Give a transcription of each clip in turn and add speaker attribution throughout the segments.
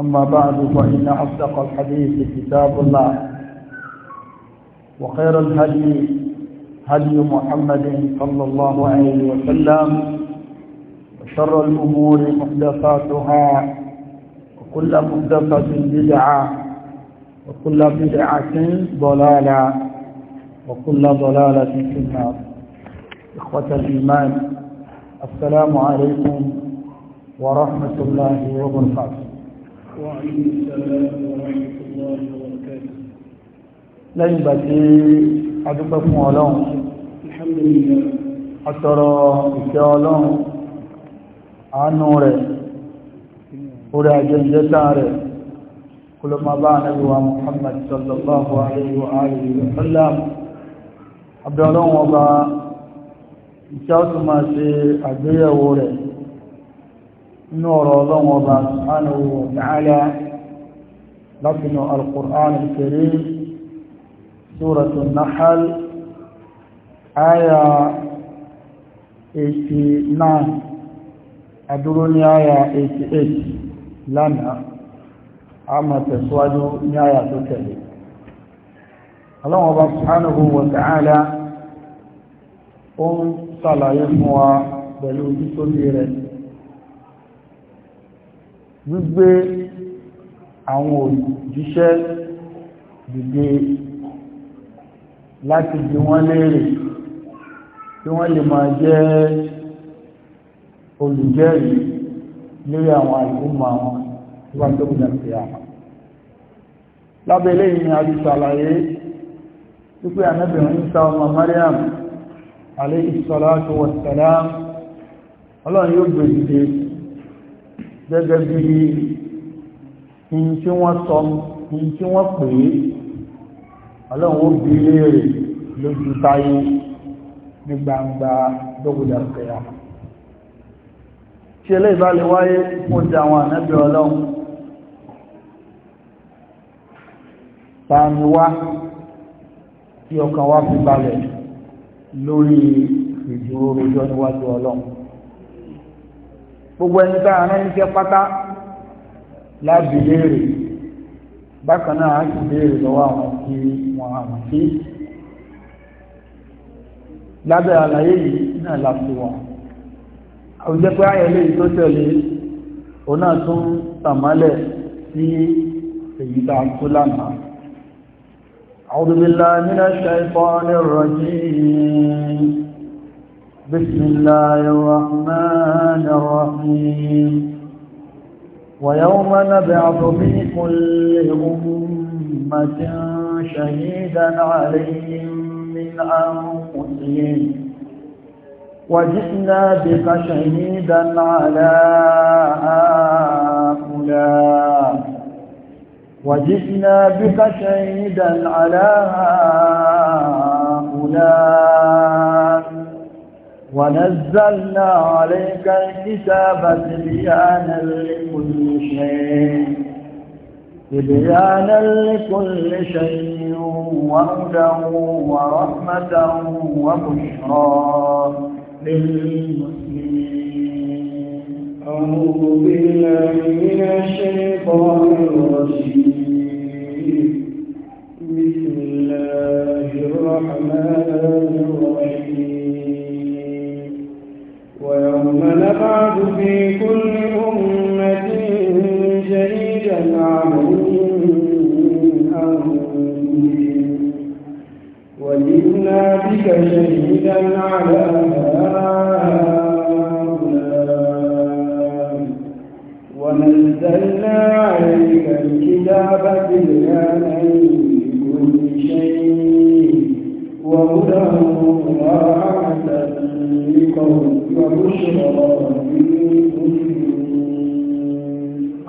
Speaker 1: أما بعد فإن أصدق الحديث كتاب الله وخير الهدي هدي محمد صلى الله عليه وسلم وشر الأمور محدثاتها وكل محدثة بدعة وكل بدعة ضلالة وكل ضلالة في النار إخوة الإيمان السلام عليكم ورحمة الله وبركاته
Speaker 2: وعليكم السلام الله وبركاته
Speaker 1: lẹ́yìn ìgbà tí a dúpẹ́ fún ọlọ́run àtọ̀rọ̀ ìfẹ́ ọlọ́run àánú rẹ̀ orí àjẹ́jẹ́ta rẹ̀ kó ló máa bá ànẹ́lúwà Muhammad sallallahu alayhi wa alihi wa sallam abdọ́lọ́run ọba ìṣẹ́ ọ̀tún máa ṣe àgbéyẹ̀wò rẹ̀ نور الله سبحانه وتعالى لكن القرآن الكريم سورة النحل آية 89 أدرون آية 88 لنا أما تسواجه آية تكلم الله سبحانه وتعالى ó ń sàlàyé fún wa gbígbé àwọn òjíṣẹ́ dìde láti bí wọ́n léèrè kí wọ́n lè máa jẹ́ olùjẹ́rìí lórí àwọn àìkúmọ̀ àwọn tó bá tó kùnà sí àwọn lábẹ́lé ìyìn àti ṣàlàyé wípé ànábìnrin Ìsá ọmọ Mariam alayhi salatu wassalam ọlọ́run yóò gbé gẹ́gẹ́ bí in tí wọ́n sọ in tí wọ́n pè é ọlọ́run ó bi léèrè lójú táyé ní gbangba dọ́gbọ̀dà kẹyà tí eléyìí bá lè wáyé fún ti àwọn ànábì ọlọ́run tààmì wá tí ọkàn wa fi balẹ̀ lórí ìdúró rojọ́ níwájú ọlọ́run gbogbo ẹni tá a rán iṣẹ́ pátá láti léèrè bákan náà á sì léèrè lọ́wọ́ àwọn tí wọ́n á mọ̀ sí lábẹ́ àlàyé yìí náà la fi wà àwùjọ pé ayẹyẹ yìí tó tẹ̀lé òun náà tún tàmálẹ̀ sí èyí tá a tó lánàá.
Speaker 2: أعوذ بالله من الشيطان الرجيم بسم الله الرحمن الرحيم ويوم نبعث في كل
Speaker 1: أمة شهيدا عليهم من أنفسهم وجئنا بك شهيدا على هؤلاء وجئنا بك شهيدا على هؤلاء ونزلنا عليك الكتاب تبيانا لكل شيء
Speaker 2: تبيانا
Speaker 1: لكل شيء وهدى ورحمة
Speaker 2: وبشرى للمسلمين أعوذ بالله من الشيطان الرجيم بسم الله الرحمن الرحيم ويوم نبعث في كل أمة شهيدا عن وجئنا بك شهيدا على هؤلاء ونزلنا عليك الكتاب بالغانا لكل شيء وهدى ورحمة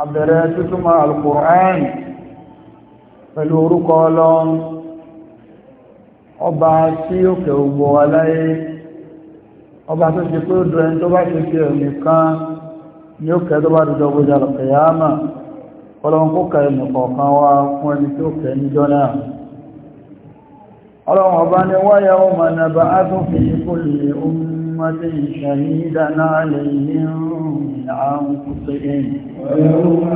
Speaker 2: Abẹ̀rẹ̀ títúmọ̀ Al-Qur'an
Speaker 1: pẹ̀lú orúkọ ọlọ́run, ọba tí ó kẹ ògbò aláyé, ọba tó ṣe pé ó dọ̀ ẹni tó bá ṣe ṣe ẹ̀mì kan ni ó kẹ tó bá dùdọ̀ gbójà lọ̀kẹ̀yàmà, ọlọ́run kó kẹ ẹ̀mì kọ̀ọ̀kan wá fún ẹni tó kẹ níjọ́ náà ọlọ́run ni wáyà ọmọ nàbà á tún fi أمة شهيدا عليهم
Speaker 2: عن قطئهم ويوم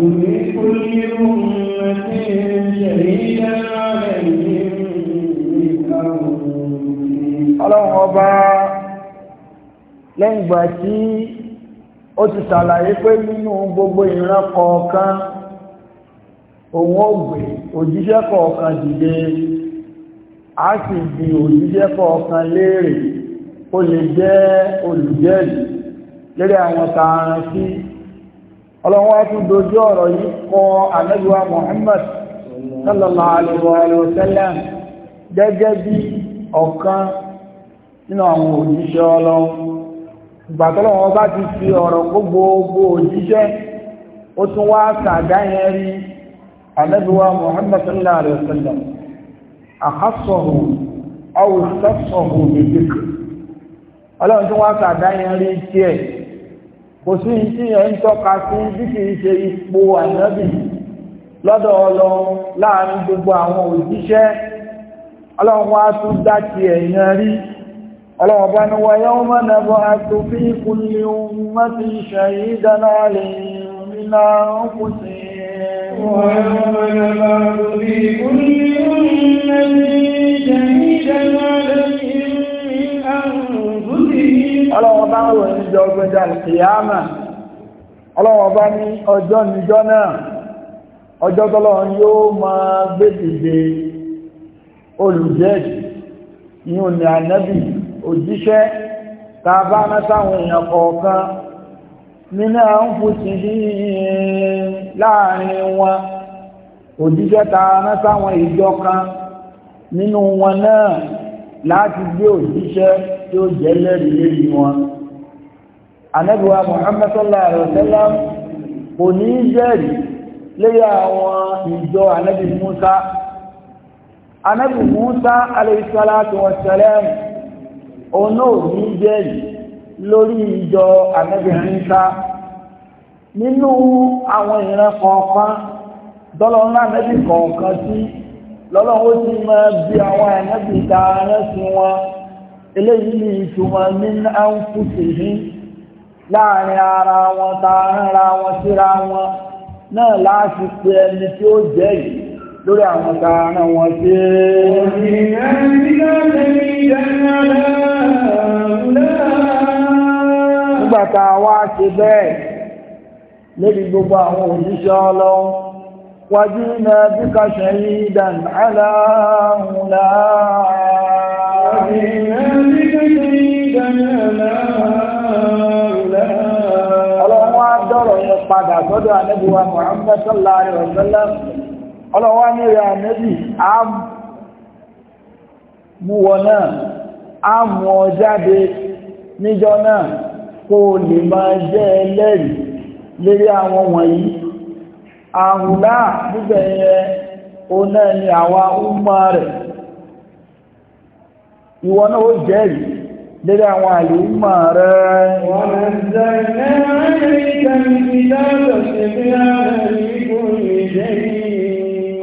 Speaker 2: من كل أمة شهيدا
Speaker 1: ó ti pé nínú gbogbo ìran kọ̀ọ̀kan òun òjíṣẹ́ kọ̀ọ̀kan a sì òjíṣẹ́ kọ̀ọ̀kan léèrè ó lè jẹ́ olùjẹ́rì lérí àwọn tààrà sí ọlọ́wọ́ tún dojú ọ̀rọ̀ yìí kọ ànábíwá Muhammad sallallahu alaihi wa sallam gẹ́gẹ́ bí ọ̀kan nínú àwọn òjíṣẹ́ ọlọ́run ìgbàtọ́lọ́wọ́ bá ti fi ọ̀rọ̀ gbogbo òjíṣẹ́ ó tún wá sàgáyẹn rí ànábíwá Muhammad sallallahu alaihi wa sallam àhásọ̀hùn ọwọ́ sọ́sọ̀hùn ìdíkù ọlọ́run tí wọ́n kàdá yẹn rí tiẹ̀ kò sí tí yẹn ń tọ́ka sí bí kì í ṣe ipò ànábì lọ́dọ̀ ọlọ́run láàrin gbogbo àwọn òjíṣẹ́ ọlọ́run wá tún dá tiẹ̀ yẹn rí ọlọ́run bá ní wọ́n yẹ́wọ́n mọ́ náà bọ́ àtòfin ìkùnlé
Speaker 2: mọ́tì ṣẹ̀yìn dáná lè nínú ọkùnrin. wọ́n yẹ́wọ́n mọ́ náà bọ́ àtòfin ìkùnlé mọ́tì ṣẹ̀yìn dáná lè nínú ọkùnrin. ọlọ́wọ́ bá rò ní ìjọ
Speaker 1: ọgbẹ́jà ìyáàmà ọlọ́wọ́ bá ní ọjọ́ níjọ́ náà ọjọ́ tọ́lọ́ yóò máa gbèdìde olùjẹ́jì ní òní ànẹ́bì òjíṣẹ́ ta bá èèyàn kọ̀ọ̀kan nínú láàrin wọn òjíṣẹ́ ìjọ tí ó jẹ́ lẹ́rìí lérí wọn anẹ́bíwá Muhammad sallallahu alaihi wasallam kò ní jẹ́rì léyà àwọn ìjọ anẹ́bí Musa anẹ́bí Musa alayhi salatu wassalam òun náà ní jẹ́rì lórí ìjọ anẹ́bí Musa nínú àwọn ìran kọ̀ọ̀kan dọ́lọ́run anẹ́bí kọ̀ọ̀kan ti máa bí àwọn anẹ́bí rẹ́ sí wọn eléyìí ní ìtumọ̀ ní àǹfùsìhí láàrin ara wọn tààrin ara wọn síra wọn náà láti pe ẹni tí ó jẹ́ yìí lórí àwọn tààrin wọn tí
Speaker 2: nígbàtà
Speaker 1: wá ṣe bẹ́ẹ̀ lórí gbogbo àwọn òjíṣẹ́ ọlọ́run wájú náà bí kàṣẹ̀ yìí dàn aláàrùn láàá Ọlọ́run wá dọ́rọ̀ yẹn padà sọ́dọ̀ Muhammad sallallahu alaihi wasallam. Ọlọ́run wá ní rẹ̀ ànẹ́bì, a mú wọ náà, a mú ọ jáde níjọ náà kó lè máa jẹ́ ẹlẹ́rìí lérí àwọn wọ̀nyí. Àrùn náà níbẹ̀ yẹn, ó náà ni àwa ń rẹ̀ ìwọ náà ó jẹ́rìí lérí àwọn àlùmọ̀ rẹ̀. wọ́n ń zẹ́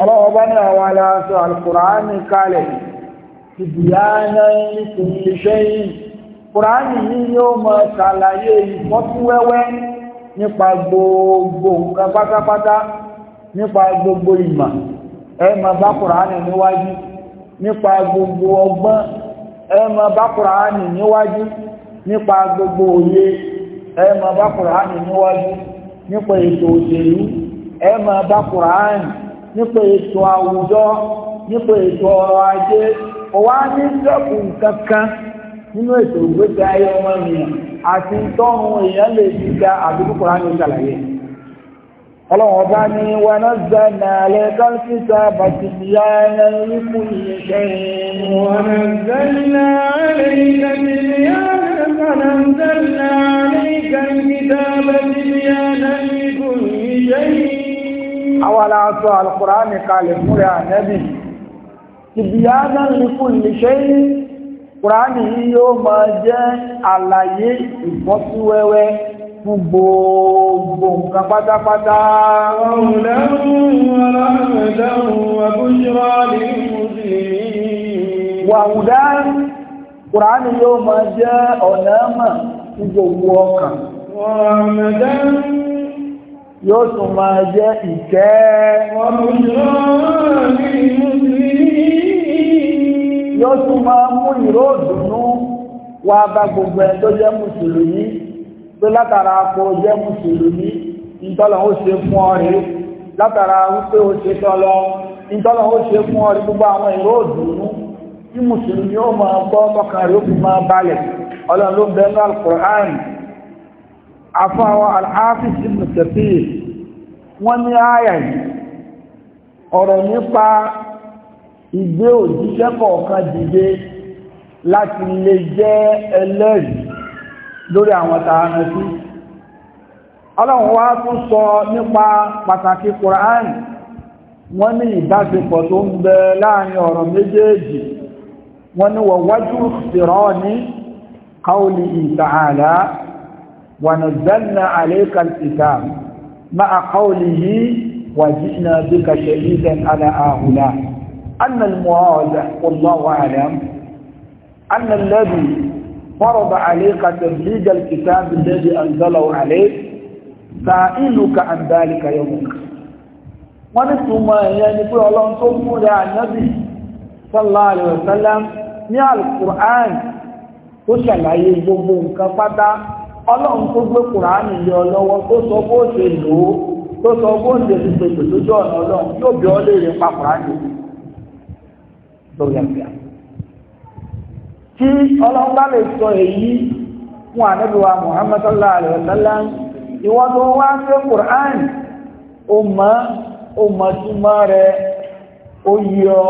Speaker 1: ọlọ́wọ́ bá ní àwọn aláṣọ alkùránì kalẹ̀ ti bìyànà ìkùnlé ṣẹ́yìn kùránì ní yóò mọ̀ ṣàlàyé ìfọ́túwẹ́wẹ́ nípa gbogbo nǹkan pátápátá nípa gbogbo ìmọ̀ ẹ máa bá kùránì níwájú nípa gbogbo ọgbọ́n ẹmọ bá kùránì níwájú nípa gbogbo òye ẹmọ bá kùránì níwájú nípa ètò òṣèlú ẹmọ bá kùránì nípa ètò àwùjọ nípa ètò ọrọ̀ ajé ọwá ní sẹ́kù kankan nínú ètò ìgbésẹ̀ ayé ọmọ ènìyàn àti tọ́run èèyàn lè fi ga àdúgbò kùránì ṣàlàyé ọlọ́run ọba ní wa nazzalna alayka al-kitaba tibyana likulli shay'in wa nazzalna alayka tibyana fa nazzalna alayka
Speaker 2: al-kitaba tibyana likulli shay'in
Speaker 1: àwa la sọ al-Qur'ani kalẹ̀ fúnra ànábì tibyana yóò máa jẹ́ àlàyé ìfọ́síwẹ́wẹ́
Speaker 2: fún gbogbo nǹkan pátápátá. Wàhùdá
Speaker 1: Kùránì yóò máa jẹ́ ọ̀nà mọ̀ sí gbogbo ọkàn. Yóò tún máa jẹ́ ìkẹ́.
Speaker 2: Yóò tún máa mú ìró ìdùnnú
Speaker 1: wá bá gbogbo ẹ̀ tó jẹ́ Mùsùlùmí pé látara kó jẹ́ mùsùlùmí ìtọ́lọ̀ ó ṣe fún ọ rí látara wípé ó ṣe tọ́lọ ìtọ́lọ̀ ó ṣe fún ọ rí gbogbo àwọn ìró òdùnú tí mùsùlùmí ó máa gbọ́ tọkàn rí ó fi máa balẹ̀ ọlọ́run ló bẹ́ẹ̀ ní alukur'an afáwọn alhafiz ibn kathir wọ́n ní láti lè jẹ́ ẹlẹ́rìí lórí àwọn tààrà sí ọlọ́run wá tún sọ nípa pàtàkì Qur'an wọ́n ní ìbáṣepọ̀ tó ń bẹ láàrin ọ̀rọ̀ méjèèjì wọ́n ní wọ wájú ìrọ́ ní kauli ta'ala wa nazzalna alayka al-kitab ma'a qawlihi wa ji'na bika shahidan ala ahula anna al-murad wallahu a'lam anna alladhi فرض عليك تبليغ الكتاب الذي أنزله عليك سائلك عن ذلك يومك wọ́n ní túnmọ̀ ẹ̀yẹn ni pé ọlọ́run tó mú rẹ̀ ànábì sallallahu alaihi wasallam ní alukur'an tó ṣàlàyé gbogbo nǹkan pátá ọlọ́run tó gbé kur'an lé ọ lọ́wọ́ tó sọ bó ṣe lò ó tó sọ bó ṣe ti pèsè lójú ọ̀nà ọlọ́run yóò bí ọ lè rí pa kur'an lórí ẹ̀fẹ́ àti. tí ọlọ́run bá lè sọ èyí fún ànábìwá Muhammad sallallahu alaihi ìwọ́n tó wá sí Qur'an ó mọ̀ ó mọ̀ túmọ̀ rẹ̀ ó yọ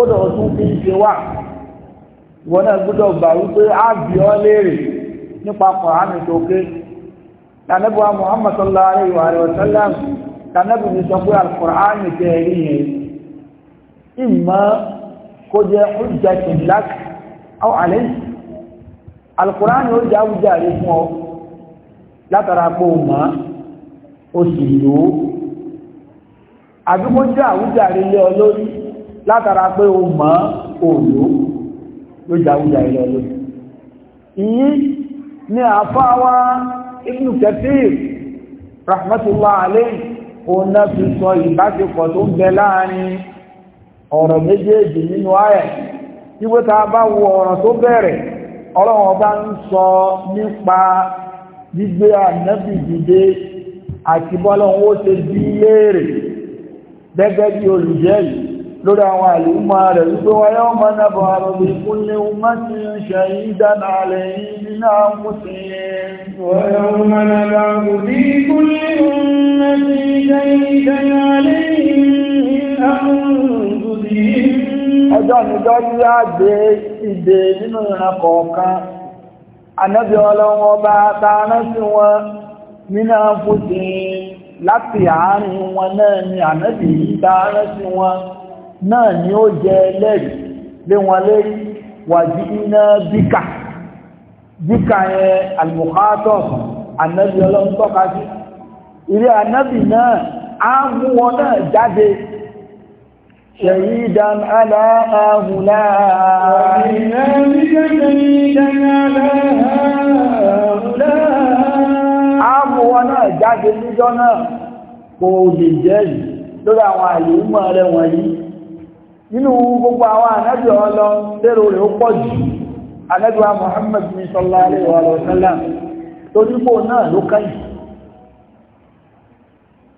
Speaker 1: ó dọ̀ tún fi ń ṣe wà ìwọ́n náà gbọ́dọ̀ gbà wípé Muhammad sọ pé tẹ̀ yẹn ìmọ̀ kó jẹ́ àwọn àlẹ́ yìí alukùránì ó jẹ́ àwùjáre fún ọ látara pé o mọ̀ ó sì lò ó àdúgbò jẹ́ àwùjáre lé ọ lórí látara pé o mọ̀ ó lò ó ló jẹ́
Speaker 2: àwùjáre lé ọ lórí
Speaker 1: ìyí ni àfáwá Ibn Kathir rahmatullah alayhi òun náà fi sọ ìbáṣepọ̀ tó ń bẹ láàrin ọ̀rọ̀ méjèèjì nínú ayẹ̀ ìwé tá a bá wo ọ̀ràn tó bẹ̀rẹ̀ ọlọ́run ọba ń sọ nípa gbígbé ànábì dìde àti bọ́lọ́run ó ṣe bí léèrè gẹ́gẹ́ bí olùjẹ́ yìí lórí àwọn àlúmọ̀ rẹ̀ wípé wáyé ọmọ náàbọ̀ àrọ̀bí fún ní
Speaker 2: ọjọ́ níjọ́ yíyá gbé ìdè
Speaker 1: nínú ìran kọ̀ọ̀kan ànábì ọlọ́wọ́ bá tààrán sí wọn nínú fúti láti àárín wọn náà ni ànábì yìí tààrán sí wọn náà ni ó jẹ lẹ́rìí lé wọn lérí wàjí iná bíkà bíkà yẹn alùmùkátọ̀ ànábì ọlọ́wọ́ tọ́ka sí ilé ànábì náà á mú wọn náà jáde شهيدا على هؤلاء شهيدا على هؤلاء ààbò wọn náà jáde níjọ́ náà kò lè jẹ́rì lórí àwọn àyè mọ́ rẹ̀ wọ̀nyí ọlọ lérò rẹ̀ ó pọ̀ jù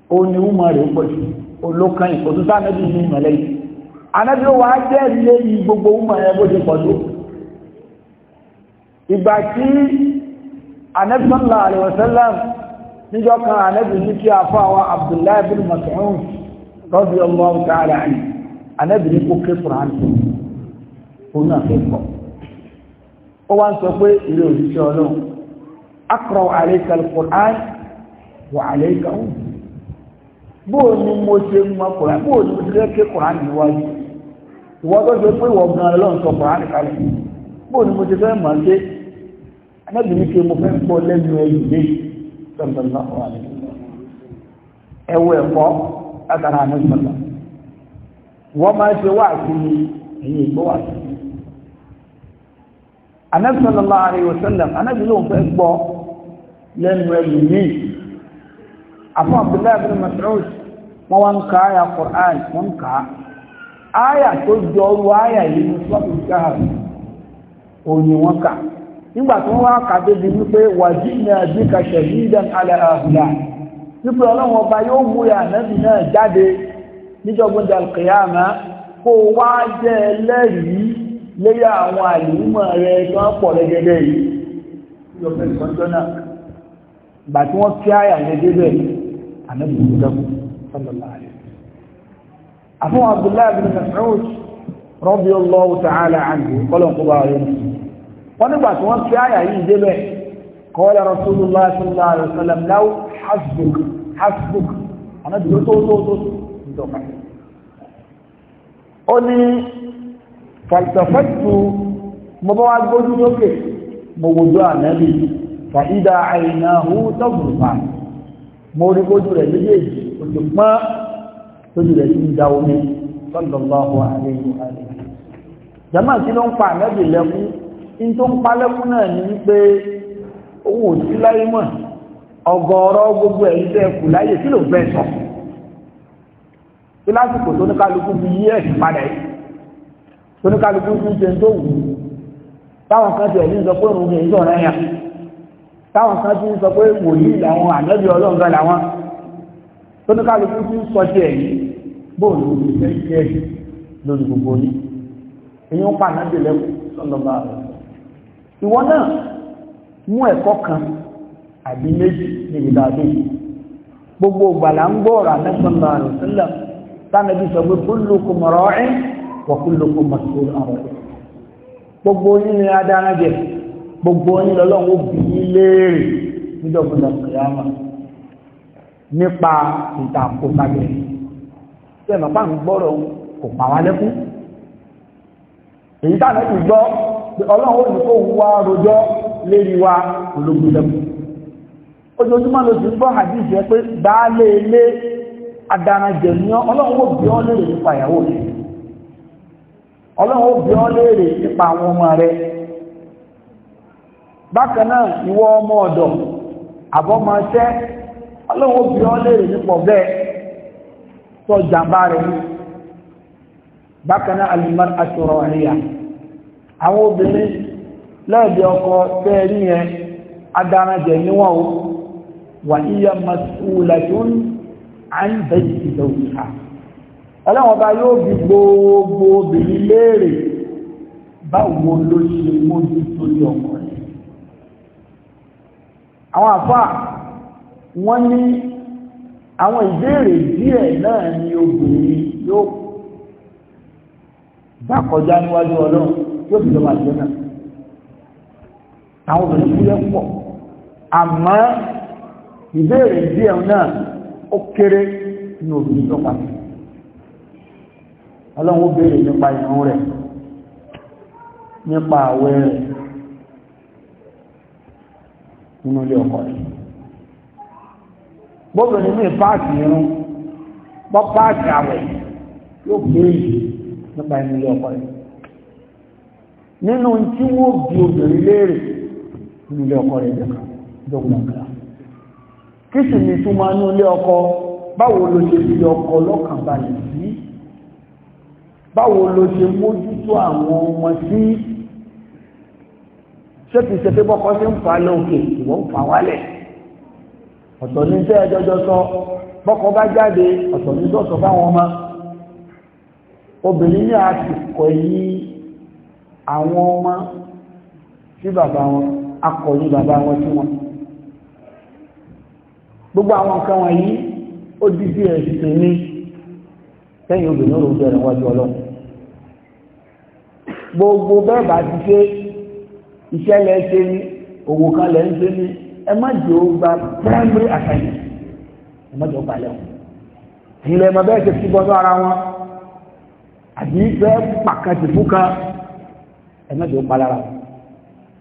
Speaker 1: ànábì tó olókan yìí òtún sáà nẹ́bí ní ìmọ̀lẹ́ yìí anábí ó wà á jẹ́ ilé yìí gbogbo ọmọ ẹ bó ṣe pọ̀ tó ìgbà tí anábí sọ́nà àlèwọ̀sẹ́lẹ̀ níjọ́ kan anábí ní kí afọ́ àwọn Abdullahi bin Mas'ud rọ́bì ọmọ ọ̀tàrà ni anábí ní kó ké Quran òun náà fẹ́ pọ̀ ó wá ń sọ pé ilé òṣìṣẹ́ ọlọ́run akọ̀rọ̀ àlẹ́kàlẹ̀ Quran wà àlẹ́kàlẹ̀ bóò ni mo ṣe mọ kùrán bóò ni mo ṣe lẹ́kẹ́ kùrán níwájú ìwọ́n tó ṣe pé ìwọ̀n gan lọ́n sọ kùrán kalẹ̀ bóò ni mo ṣe fẹ́ mọ̀ ṣe anábì ní ṣe mo fẹ́ pọ̀ lẹ́nu ẹ̀yìn lé sọ̀tọ̀tọ̀ ọ̀rọ̀ rẹ̀ ẹ̀wọ̀ ẹ̀kọ́ látara àmì sọ̀tọ̀ wọ́n máa ṣe wá sí ni ẹ̀yìn ìgbó wà sí anábì sallallahu alaihi wasallam anábì lóun fẹ́ gbọ́ lẹ́nu ẹ̀yìn afọ abdullahi bin mas'ud wọn wá ka àyà quran wọn kà á àyà tó jọ ọrù àyà yìí ní sọ́ọ̀tù gáàrù òyìn wọn kà nígbà tí wọ́n wá kà débi wípé wàjí ní àdíkà shahidan ala àhùlà wípé ọlọ́run ọba yóò mú ya ànábì náà jáde níjọ́gbọ́n dàlùkìyàmá kó wá jẹ́ ẹlẹ́rìí lórí àwọn àlùmọ̀ rẹ̀ tó ń pọ̀ lẹ́gẹ́gẹ́ yìí yóò fẹ́ sọ́jọ́ náà gbà tí wọ́n kí àyà lẹ́gẹ́gẹ́ yìí ànábì ní ìdákù sallallahu alayhi àfún abdullahi bin mas'ud radiyallahu ta'ala anhu kọ́lọ̀ kó bá rẹ̀ wọ́n nígbà tí wọ́n fi àyà yìí débẹ̀ qala rasulullah sallallahu alayhi wa sallam law hasbuk hasbuk ànábì tó tó tó tó ìjọba ó ní falsafatu mo bá wá gbójú lókè mo wòjó ànábì fa ida àìnáhù tọ́gbùrùfà mo rí bójú rẹ̀ méjèèjì ojú pọ́n lójú rẹ̀ ń da omi sallallahu alaihi wa alihi jama tí ló ń pa ànábì lẹ́kún in tó ń pa lẹ́kún náà ní wípé òun ò sí láyé mọ̀ ọ̀gọ̀ọ̀rọ̀ gbogbo ẹ̀yìn tẹ́ kù láyé kí ló fẹ́ sọ tí lásìkò tó fi yí ẹ̀sìn padà yìí tó fi ń ṣe tó wù táwọn kan ti ẹ̀ ní sọ pé òun kì í sọ̀rọ̀ ẹ̀yàn táwọn kan tí ń sọ pé wòlíì làwọn ànábì ọlọ́run gan làwọn tó ní kálukú tí ń sọ sí ẹ̀yìn bóòlù ló fẹ́ jẹ́ lórí gbogbo ní èyí ń pa ànábì lẹ́kùn sọ́lọ́ba rẹ̀ ìwọ náà mú ẹ̀kọ́ kan àbí méjì níbi dáadé gbogbo gbàlà ń gbọ́ọ̀rọ̀ ànábì sọ́lọ́ba rẹ̀ sílẹ̀ tánàbí sọ pé kullukum ra'in wa kullukum mas'ulun gbogbo onye lọ́lọ́run ó bi yín léèrè níjọba nípa ìtàkùn sábẹ́ ṣé màpá ń gbọ́rọ̀ kò wá èyí táwọn ti gbọ́ pé ọlọ́run ó ní kó wá rojọ́ lérí wa ológun lẹ́kún ojoojúmọ́ ló ti ń gbọ́ pé ilé ọlọ́run ó ọ́ léèrè nípa ìyàwó rẹ̀ ọlọ́run ó ọ́ léèrè nípa bákan náà ìwọ ọmọ ọ̀dọ̀ àbọ́mọṣẹ́ ọlọ́run obìnrin ọlẹ́rìí nípọ̀ bẹ́ẹ̀ sọ jàmbá rẹ̀ ní bákan náà alimar aṣọ́rọ̀ àríyá àwọn obìnrin lẹ́ẹ̀dì ọkọ tẹ́ẹ̀rí yẹn adarajẹ̀ níwọ̀n o wà níyà mas'ulatun an yóò gbogbo obìnrin léèrè báwo ló ṣe mójútó ní rẹ̀ àwọn àfà wọ́n ní àwọn ìbéèrè díẹ̀ náà ni obìnrin yóò bá kọjá níwájú ọlọ́run yóò fi lọ́wọ́ àjẹ́ náà àwọn obìnrin fúyẹ́ pọ̀ àmọ́ ìbéèrè díẹ̀ náà ó kéré ní obìnrin tó pàtó ọlọ́run ó béèrè nípa ìrun rẹ̀ nípa àwẹ̀ rẹ̀ nínú ilé ọkọ rẹ̀ gbọ́dọ̀ nínú ìpáàkì irun bọ́ páàkì àwẹ̀ yóò béèrè nípa inú ilé ọkọ rẹ̀ nínú tí wọ́n bi obìnrin léèrè nínú ilé ọkọ rẹ̀ jẹ́ kan dọ́gbọ̀n kan kí sì ni túmọ̀ ilé ọkọ báwo ló ṣe fi ọkọ lọ́kàn balẹ̀ sí báwo ló ṣe mójútó àwọn ọmọ sí ṣé kìí ṣe pé bọ́kọ ṣe ń fà á lókè ìwọ ń fà wálẹ̀ ọ̀tọ̀ ní iṣẹ́ ẹjọ́jọ́ sọ bọ́kọ bá jáde ọ̀tọ̀ ní sọ̀sọ̀ fáwọn ọmọ obìnrin ní àsìkò yìí àwọn ọmọ sí bàbá wọn akọ̀yìn bàbá wọn sí wọn gbogbo àwọn nǹkan wọ̀nyí ó di bí ẹ̀sìn ní sẹ́yìn obìnrin òun bẹ̀rẹ̀ wájú ọlọ́run gbogbo bẹ́ẹ̀ bá ti ṣe iṣẹ́ lẹ́ ṣe ní òwò kan lẹ́ ń ṣe ẹ má gba primary assignment ẹ má jẹ́ ó gba lẹ́wọ̀n ìlẹ̀ ẹ̀mọ̀ bẹ́ẹ̀ ṣe fi bọ́ ara wọn àbí fẹ́ pàkàtì fún ẹ má jẹ́ ó pa lára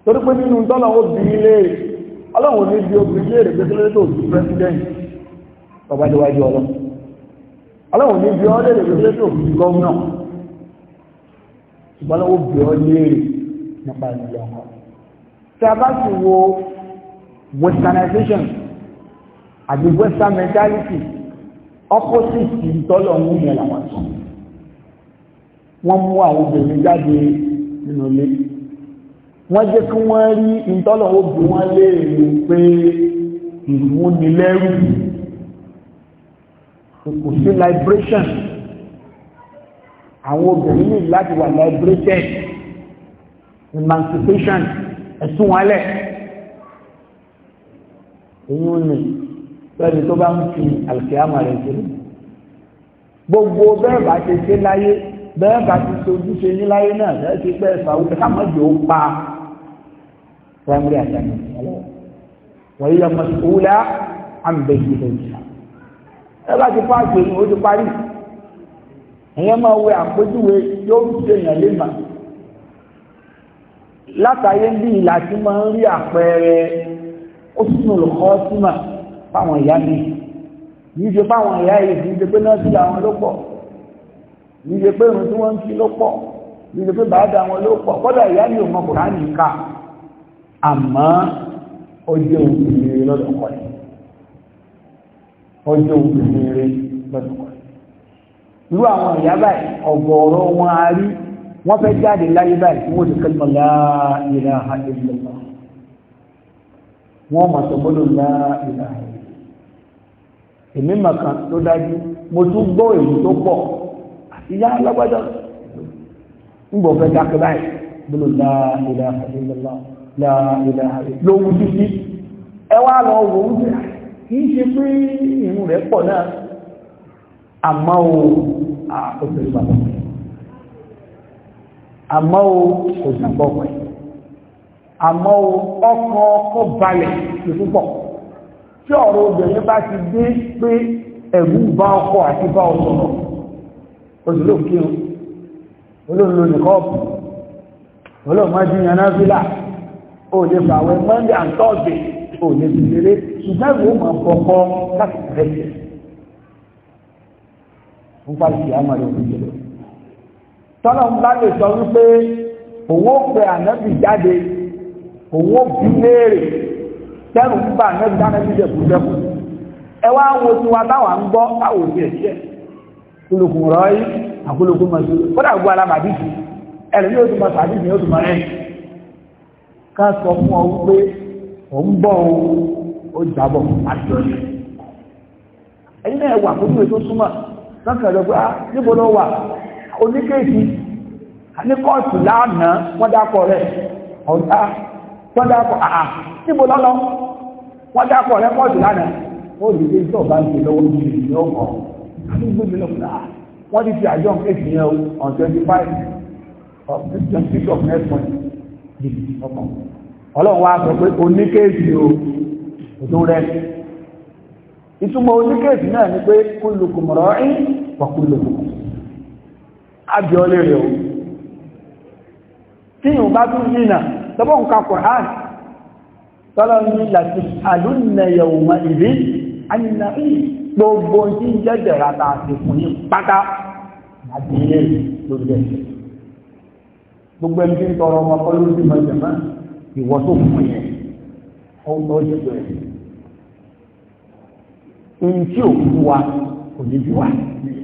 Speaker 1: torí pé nínú tọ́lọ̀ ó bí ilé ọlọ́run ní bí obìnrin léèrè tó di president ọba déwájú ọlọ́run ọlọ́run ní bí ọ léèrè tó di ṣùgbọ́n ó bí ọ tí a bá sì wo westernization àbí western mentality opposite ìtọ́lọ̀ ń yẹn làwọn sọ wọ́n mú àwọn obìnrin jáde nínú ilé wọ́n jẹ́ kí wọ́n rí ìtọ́lọ̀ obìnrin wọn léèrè pé ìmúnilẹ́rù kò sí liberation àwọn obìnrin ní láti wà liberated emancipation ẹ̀sùn wọn lẹ̀ èyí ò ní lọ́ọ̀dì tó bá ń fi àlùkìyàmọ̀ rẹ̀ sílẹ̀ gbogbo bẹ́ẹ̀ bá ṣe ṣe láyé bẹ́ẹ̀ bá ti sojúṣe ní láyé náà bẹ́ẹ̀ ti pẹ́ ìfàwọ́ pé kámọ́jì ó pa primary academy wọ́n yíyá mọ́sùlá àmbẹ̀jì lẹ́yìn ẹ bá ti pàṣẹ ó ti parí ẹ̀yẹ́ máa wẹ àpójúwe yóò ṣèyàn lè máa látàyé ń bí ìlà tí máa ń rí àpẹẹrẹ ó sínú olùkọ́ símà fáwọn ìyá mi ní ṣe fáwọn ìyá yìí kì í ṣe pé náà sí àwọn ló pọ̀ ní ṣe pé irun tí wọ́n ń kí ló pọ̀ ní ṣe pé bàádà wọn ló pọ̀ kọ́dà ìyá mi ò mọ Kùránì ká àmọ́ ó òbìnrin lọ́dọ̀ kọ́ ni òbìnrin lọ́dọ̀ kọ́ irú àwọn ìyá báyìí ọ̀gọ̀ọ̀rọ̀ wọn a rí wọ́n fẹ́ jáde láyé báyìí tí wọ́n ti kalmà la ilaha illallah wọ́n máa sọ gbọ́dọ̀ la ilaha èmi màkà tó dájú mo tún gbọ́ èyí tó pọ̀ ìyá alágbádá ń bọ̀ fẹ́ jáde báyìí gbọ́dọ̀ la ilaha illallah la ilaha illallah lóhun títí ẹ wá lọ wò ó kì í ṣe pé ìrun rẹ̀ pọ̀ náà àmọ́ o àkọsílẹ̀ bàbá àmọ́ o kò jàmbọ́ pẹ̀ àmọ́ o ọkọ̀ ọkọ̀ balẹ̀ ti púpọ̀ tí ọ̀rọ̀ obìnrin bá ti dé pé ẹ̀rù bá ọkọ̀ àti bá ọkọ̀ lọ òṣèlú kírun olóòlò nìkọ́ọ̀pù olóòmọ́dínyàn náà fílà ó lè fàwẹ́ Monday and Thursday ó lè fi lérè ṣùgbọ́n ìwò máa fọkọ́ láti fẹ́ ń parí tọ́lọ̀ ń bá lè sọ wípé òun pe ànábì jáde òun bí léèrè tẹ́rù ń bá ànábì dánábì jẹ̀kújẹ̀kú ẹ wá wo tiwa táwa ń gbọ́ táwọn òbí ẹ̀ṣẹ́ kúlùkùn rọ̀ yìí àkúlùkùn mọ̀ṣú kódà gbogbo alábàdìsì ẹ̀rù yóò tún yóò tún ká sọ fún ọ wípé ò ń bọ̀ ó jábọ̀ oníkèsì ní kọ́ọ̀tù lánàá wọ́n dákọ̀ rẹ̀ ọ̀dá wọ́n dákọ̀ àà síbò lọ́lọ́ wọ́n dákọ̀ rẹ̀ kọ́ọ̀tù lánàá ó lè dé tó bá ń fi lọ́wọ́ ní ìlú ọkọ̀ wọ́n ti fi àjọ kéèkì yẹn on twenty five of twenty six of next month ọkọ̀ ọlọ́run wa sọ pé oníkèsì o ètò rẹ̀ ìtumọ̀ oníkèsì náà ni pé kúlùkùmọ̀rọ̀ ẹ̀ wà kúlùkùmọ̀ ábíọ́lé rẹ̀ o tí yíò bá tún nínà lọ́bọ̀ ń ka Kùrán tọ́lọ ní láti àlúnnẹ̀yẹ̀ òmà ìrí àyìnà gbogbo tí ń jẹ́jẹ̀ rata àtìkùn ní pátá àti ilé lórí ẹ̀ gbogbo ẹni tí ń tọrọ ọmọ kọ́ lórí ìmọ̀ ìjẹ̀mọ́ ìwọ tó fún yẹn ọmọ òṣèlú ẹ̀ ń tí òkú wa kò ní bí wa nílé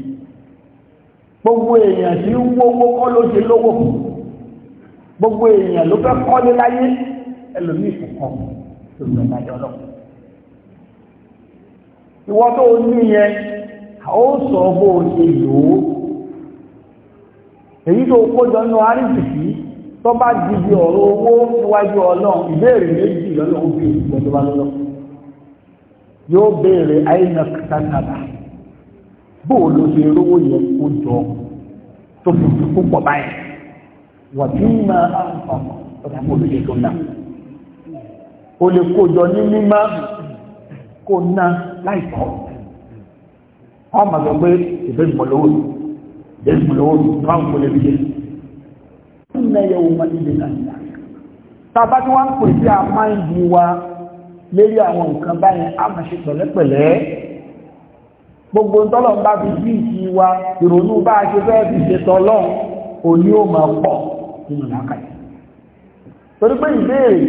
Speaker 1: gbogbo èèyàn tí ń wówó kọ́ ló ṣe lówó gbogbo èèyàn ló fẹ́ kọ́lé láyé ẹlòmíì kọ̀ọ̀kan tó lọ dájọ́ lọ. ìwọ tó o ní yẹn ó sọ bó o ṣe lò ó èyí tó kó jọ nínú àríṣìkí tó bá di bí ọ̀rọ̀ owó níwájú ọlọ́run ìbéèrè méjì lọ́lọ́run bí ìgbẹ́ tó yóò béèrè àìnà kàtàkàtà bóò ló ṣe rówó yẹn kó jọ tó fi fi kó pọ̀ báyìí wà tí ń máa àǹfà ọ̀dà bóò ló ṣe tó ná o lè kó jọ ní mímá kó ná láìpọ̀ wọ́n máa sọ pé ìfẹ́ ìmọ̀lówó ìfẹ́ ìmọ̀lówó báwọn kò lè fi ń ná yẹ wo máa nílé náà tàbá tí wọ́n ń pè sí àmáìdí wa lérí àwọn nǹkan báyẹn á pẹ̀lẹ́pẹ̀lẹ́ gbogbo tọ́lọ̀ bá fi bí ìsí wa ìrònú bá a ṣe fẹ́ fi ṣe tọ́lọ̀ òní ò máa pọ̀ nínú làákàyè torí pé ìbéèrè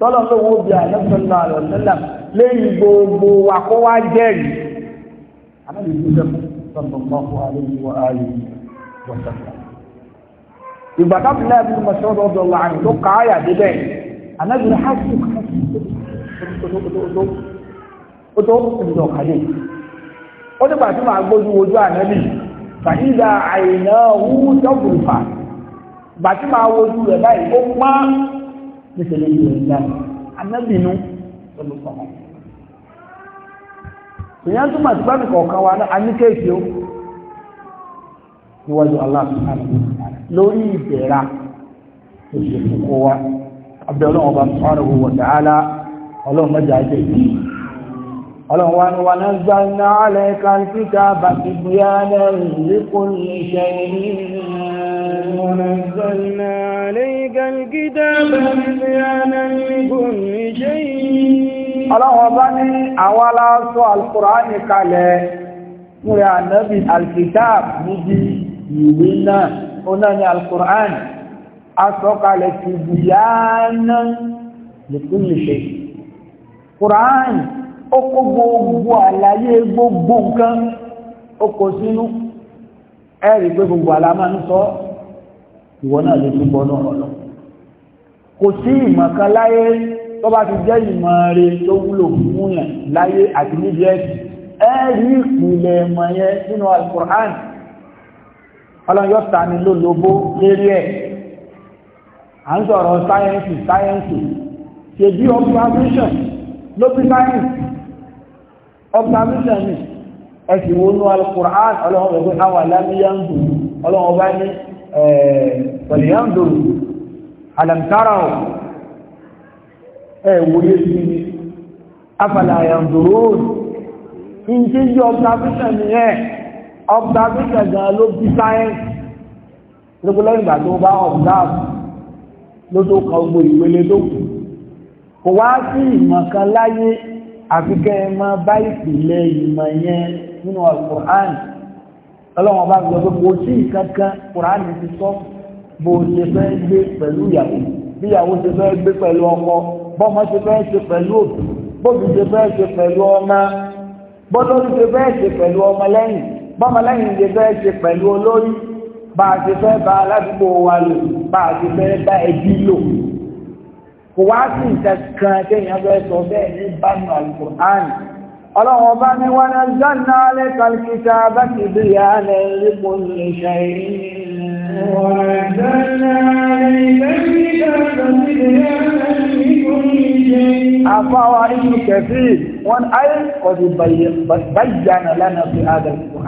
Speaker 1: tọ́lọ̀ tó wo bí àlẹ́sọ̀lá àlọ́sẹ́là lẹ́yìn gbogbo wa kó wá jẹ́rìí anábì tó sẹ́kù sallallahu alaihi wa alihi wa sallam ìgbà tábìlẹ̀ ẹ̀bí ni mọ̀ṣọ́ ọ̀dọ̀ wà ní tó ká àyà débẹ̀ anábì ni hásù kásù tó tó tó tó tó tó tó ó nígbà tí màá gbójú ojú ànábì fàyídà àìná wú tọ́gùnfà gbà tí màá wojú rẹ̀ báyìí ó pá
Speaker 2: níṣẹ́ lè yí rẹ̀ dá
Speaker 1: ànábì nú olùkọ́ ìyẹn túmọ̀ sí báyìí kọ̀ọ̀kan wa náà ní kéèkì ó níwájú aláàbò lórí ìbẹ̀ra òṣèlú kó abẹ́ ọlọ́run ọba sọ́ọ́rọ̀ wọ̀ dáálá ọlọ́run mẹ́jà jẹ́ ìdí ọlọ́wọ́n wa náà zanna alẹ́ kan títà bá ti bí alẹ́ ìlékò ní iṣẹ́
Speaker 2: ìrìnà ونزلنا عليك
Speaker 1: الكتاب بيانا لكل شيء ọlọ́wọ́ bá ní àwọn aláṣọ alkùránì kalẹ̀ múrẹ̀ ànábì alkitab níbi ìwé náà ó náà ni alkùránì asọ́kalẹ̀ ti bìyànà lèkúnlẹ̀ṣẹ́ kùránì ó kó gbogbo àlàyé gbogbo nǹkan ó kó sínú ẹ̀rí pé gbogbo àlà máa ń sọ ìwọ náà lè túbọ̀ náà lọ kò sí ìmọ̀ kan láyé tó bá ti jẹ́ ìmọ̀ rẹ tó wúlò fún yàn láyé àti níbi ẹ̀sìn ẹ̀rí ìpìlẹ̀ ìmọ̀ yẹn nínú alukur'an ọlọ́yọ́ ta ni ló lobó lérí ẹ̀ à ń sọ̀rọ̀ sáyẹ́ǹsì sáyẹ́ǹsì ṣe bí observation ló bí sáyẹ́ǹsì observation ni ẹ̀sìn wo nu alukur'an ọlọ́run ọ̀gbẹ́ àwọn alámiyàndù ọlọ́run ọba ní pẹ̀lúyàndù alamtara ọ̀ ẹ̀ wòye sí ni afalayàndùrún njí yí observation ni ẹ̀ observation gan ló bí science lóko lẹ́yìn ìgbà tó bá observe ló tó ka gbogbo ìpele kò wá sí ìmọ̀ kan láyé àfikẹ́ ẹ máa bá ìpìlẹ̀ ìmọ̀ yẹn nínú alukur'an ọlọ́wọ́n bá gbọ́ pé kò sí kankan kur'an ti sọ bó ṣe fẹ́ gbé pẹ̀lú ìyàwó bí ìyàwó ṣe fẹ́ gbé pẹ̀lú ọkọ bọ́mọ ṣe fẹ́ ṣe pẹ̀lú òbí bóbi ṣe fẹ́ ṣe pẹ̀lú ọmọ bọ́lórí ṣe fẹ́ ṣe pẹ̀lú ọmọ lẹ́yìn bọ́mọ lẹ́yìn ṣe fẹ́ ṣe pẹ̀lú olórí bá a ṣe fẹ́ bá aládùúgbò wa lò bá a ṣe fẹ́ bá ẹbí lò kò wá sí ìtẹ̀kàn tẹ́yìn abẹ́ sọ bẹ́ẹ̀ ní bánu alukur'an ọlọ́run ọba ní wọn náà zanna alẹ́ kàlùkìtà bá ti bí i alẹ́ rípo lè ṣe Àfáwà inú kẹfì wọn ayé kọ̀dù bayyana lánàá fi adàlùkùn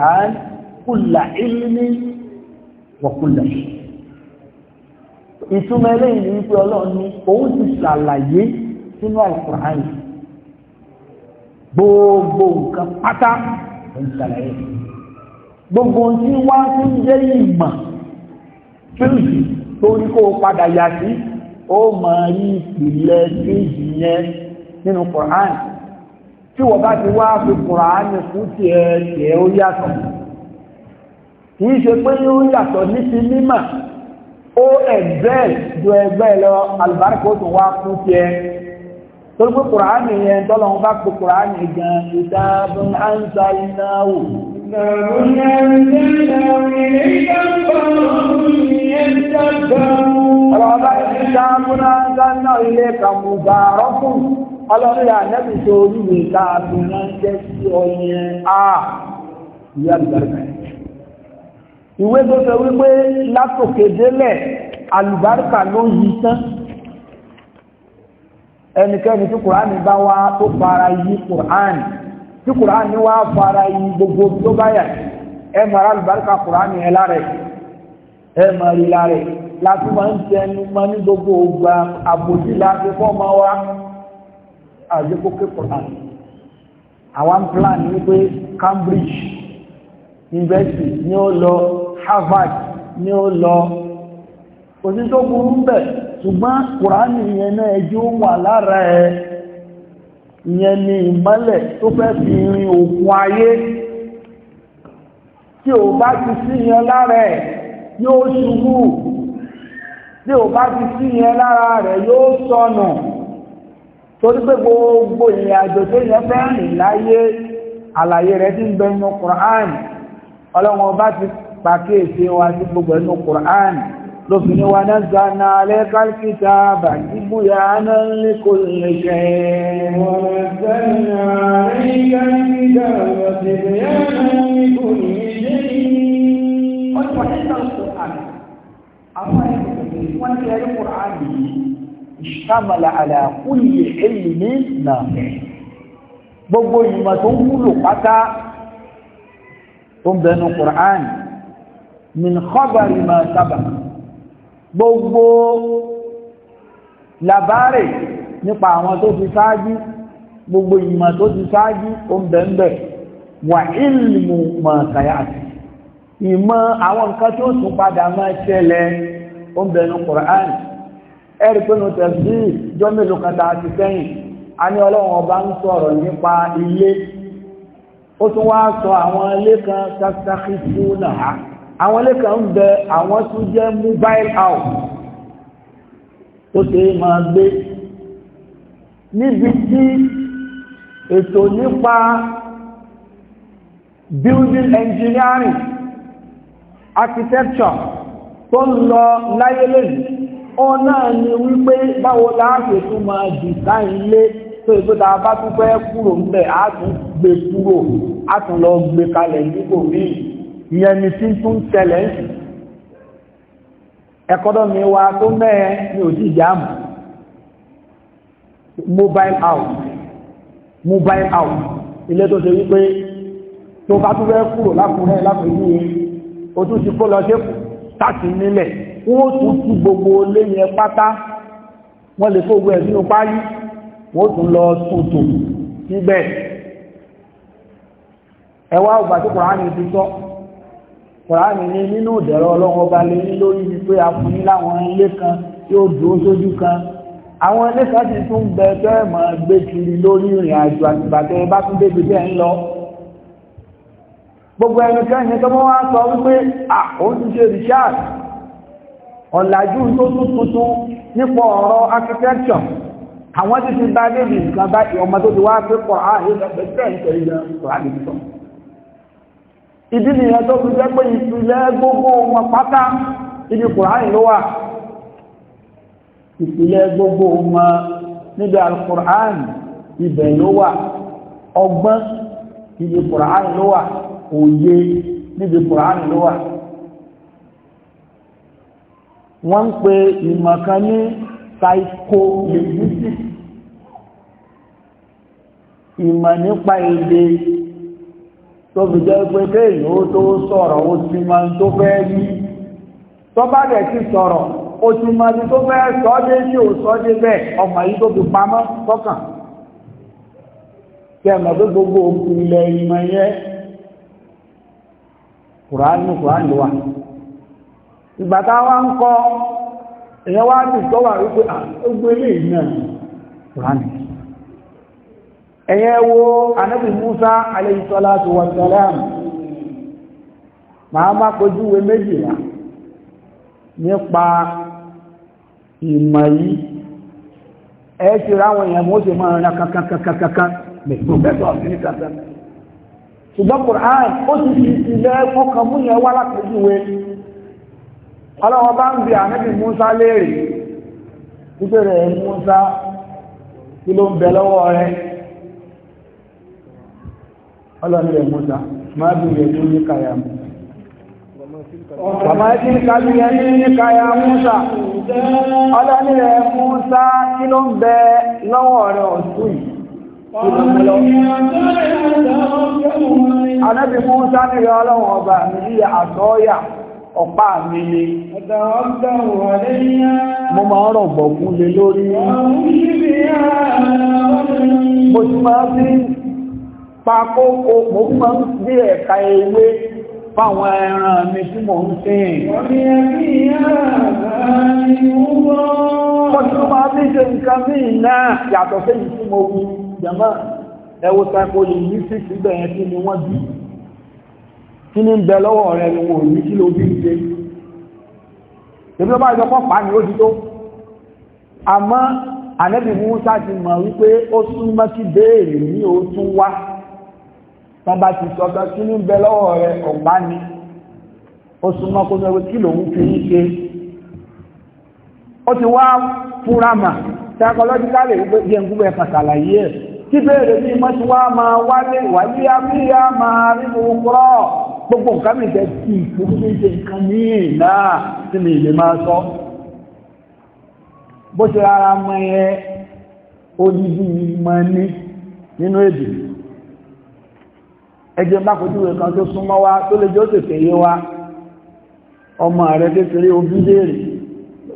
Speaker 1: kùlà ṣe ìtumọ̀ eléyìí ni wípé ọlọ́run ní òun ti ṣàlàyé sínú Al-Qur'an gbogbo nǹkan pátá òun ṣàlàyé gbogbo tí wá ti ń jẹ́ ìmọ̀ fíìsì torí kó padà yà sí ó máa rí ìpìlẹ̀ fíìsì yẹn nínú Qur'an tí wọ́n bá ti wá fi Qur'an fún tiẹ̀ tiẹ̀ ó yàtọ̀ kì í ṣe pé ó yàtọ̀ ní ti mímọ̀ ó ẹ̀gbẹ́ ju ẹgbẹ́ lọ alùbáríkà ó tún wá kú tiẹ̀ torí pé kùránì yẹn tọ́lọ́run bá pe kùránì gan ìdáàbùn ánsá iná wò. ọlọ́run bá ní ìdáàbùn ánsá iná ilé kàmùgbà rọ́kùn ọlọ́run yà nẹ́bí tó orí ìwé káàbùn ránṣẹ́ sí ọyẹn a ah, ìyá alùbáríkà yẹn ìwé tó sọ wípé látòkè délẹ̀ alùbáríkà ló yí tán ẹnikẹ́ni tí kùránì bá wá tó fara yí kùránì tí kùránì wá fara yí gbogbo tó bá yà ẹ mọ̀ra alùbáríkà kùránì ẹ lára ẹ mọ̀ rí lára láti máa ń tẹnu máa ní gbogbo ògbà àbòjì láti fọ́ ma wá àjẹkókè kùránì àwọn plan wípé Cambridge University ni ó lọ Harvard ni ó lọ òsì tó burú bẹ̀ ṣùgbọ́n kùránì ìyẹn náà ẹjú wà lára ẹ ìyẹn ni ìmọ́lẹ̀ tó fẹ́ fi rin òkun ayé tí ò bá ti sí yẹn lára ẹ yóò ṣubú tí ò bá ti sí yẹn lára rẹ̀ yóò sọnù torí pé gbogbo ìrìn àjò tó yẹ fẹ́ rìn láyé àlàyé rẹ̀ ti ń bẹnu kùránì ọlọ́run ọba ti pàkíyèsí wa sí gbogbo ẹnu Qur'an ló fi ní wa nazzalna alayka al-kitaba tibyanan li kulli shay' wa nazzalna alayka al-kitaba tibyanan li kulli
Speaker 2: shay' wọ́n
Speaker 1: gbogbo ìmọ̀ tó ń wúlò pátá tó ń bẹnu Qur'an min khabari ma sábà gbogbo làbárè nípa àwọn tó ti ṣáájú gbogbo ìmọ̀ tó ti ṣáájú ó ń bẹ̀m̀bẹ̀ wà ìlmù ma sàyàtì ìmọ̀ àwọn nǹkan tó tún padà máa ṣẹlẹ̀ ó ń bẹ̀nu Qur'an ẹ̀rí pínu tẹ̀sí jọ́ mélòó ti sẹ́yìn a ní ọlọ́run ọba ń sọ̀rọ̀ nípa ilé ó tún wá sọ àwọn ilé kan sáfíṣàkì náà àwọn ẹlẹ́kàn ń bẹ àwọn tó jẹ́ mobile house tó ṣe é máa gbé níbi tí ètò nípa building engineering architecture tó ń lọ láyé lèyí ó náà ni wípé báwo láàṣẹ tó máa design ilé tó èso tá a bá tún fẹ́ kúrò ń bẹ̀ á tún gbé kúrò á tún lọ gbé kalẹ̀ nígbò ìyẹn ni tí ń tún tẹ̀lẹ̀ ń sìn ẹkọ́dọ̀ mi wa tó mẹ́ẹ̀ ni ò ìjàmù mobile out. mobile out. ilé tó ṣe wípé tó bá tún fẹ́ kúrò lákùnrin lákùnrin yìí o tún ti kó lọ sí tàṣì nílẹ̀ wọ́n tún ti gbogbo lẹ́yìn ẹ pátá wọ́n lè fóògbé ẹ̀ sínú páyí wọ́n tún lọ tuntun síbẹ̀ ẹwà ògbà tí kùránì ti sọ kùránì ní nínú ìdẹ̀rọ ọlọ́wọ́ bá lé ní lórí ní pé a fún ní láwọn ilé kan tí ó dúró sójú kan àwọn ilé kan ti tún bẹ tẹ́ mọ̀ gbé kiri lórí ìrìn àjò àtìgbà tẹ́ bá tún débi tẹ́ ń lọ gbogbo ẹnikẹ́ni tó wọ́n wá sọ wípé òun ti ṣe richard ọ̀làjú tó tún tuntun nípa ọ̀rọ̀ architecture àwọn ti ti bá débi nǹkan bá ọmọ tó ti wá pé pọ̀ ààrẹ ìgbà pẹ̀lú ìgbà ìdí nìyẹn tó fi jẹ́ pé ìpìlẹ̀ gbogbo wọn pátá ibi kùránì ló wà ìpìlẹ̀ gbogbo wọn níbi alkùránì ibẹ̀ ló wà ọgbọ́n ibi kùránì ló wà òye níbi ló wà wọ́n ń pe ìmọ̀ kan tó fi jẹ́ pé tó sọ̀rọ̀ ó ti máa ń tó fẹ́ rí tó bá sọ̀rọ̀ ó ti máa ń tó fẹ́ bẹ́ẹ̀ ọmọ yìí tó pamọ́ sọ́kàn kí gbogbo òkú ilẹ̀ ìmọ̀ yẹn kùránù kùránù wa ìgbà táwa ń kọ èèyàn wá wípé ẹ̀yẹ wo anábì Musa aleyhisalatu wasalam máa má kojúwe méjìlá nípa ìmọ̀ yìí ẹ ti ráwọn èèyàn mọ́ sí máa rán kankankankankan ṣùgbọ́n Qur'an ó ti fi ilẹ̀ kọkàn mú yẹn wá lápẹjúwe ọlọ́wọ́ bá ń bi anábì Musa léèrè kí ló ń lọ́wọ́ ọlọ́nilẹ̀ Musa máa bí yẹ tó ní kàyà mú
Speaker 2: bàbá tí ń kàbí yẹ ní ní kàyà Musa ọlọ́nilẹ̀ Musa
Speaker 1: kí ló ń bẹ lọ́wọ́ rẹ̀ ọ̀tún ọba mi ní àtọ́yà ọ̀pá mi ni. Mo máa rọ̀ gbọ̀kú lé lórí. Mo ti máa pàkókò mo máa ń bí ẹ̀ka ewé fáwọn ẹran mi tí mò ń sìn. Wọ́n tí ó máa bí ṣe nǹkan míì náà yàtọ̀ séyìí tí mo wí jẹ̀mọ́ ẹwọ sẹ́kọ̀ lè ní sí síbẹ̀ yẹn kí ni wọ́n bí. Kí ni ń bẹ lọ́wọ́ rẹ̀ ni wọ́n ní kí ló bí ń ṣe. Èmi ló bá yọ ni ó ti tó. Àmọ́ ànẹ́bì Musa ti mọ̀ wípé ó súnmọ́ kí béèrè ní ó tún wá tọ́ba ti sọ pé kí ní bẹ lọ́wọ́ rẹ ọ̀gbá ni ó súnmọ́ kó sọ pé kí lòun fi ń ṣe ó ti wá fúra mà psychologically wípé jẹ́ ń gúbẹ̀ pàtàlàyé ẹ̀ kí bẹ́ẹ̀rẹ̀ bí mọ́ ti wá máa wálé wáyé abíyá máa rí òkúrọ̀ gbogbo nǹkan mi jẹ́ ti ìfúnṣe ṣe nǹkan ní náà tí mi lè máa sọ bó ṣe rárá mọ ẹ odidi mọ ní nínú èdè ẹjẹ́ bá fojúwe kan tó súnmọ́ wá tó lè jọ́ tètè yé wá ọmọ rẹ̀ kékeré obi léèrè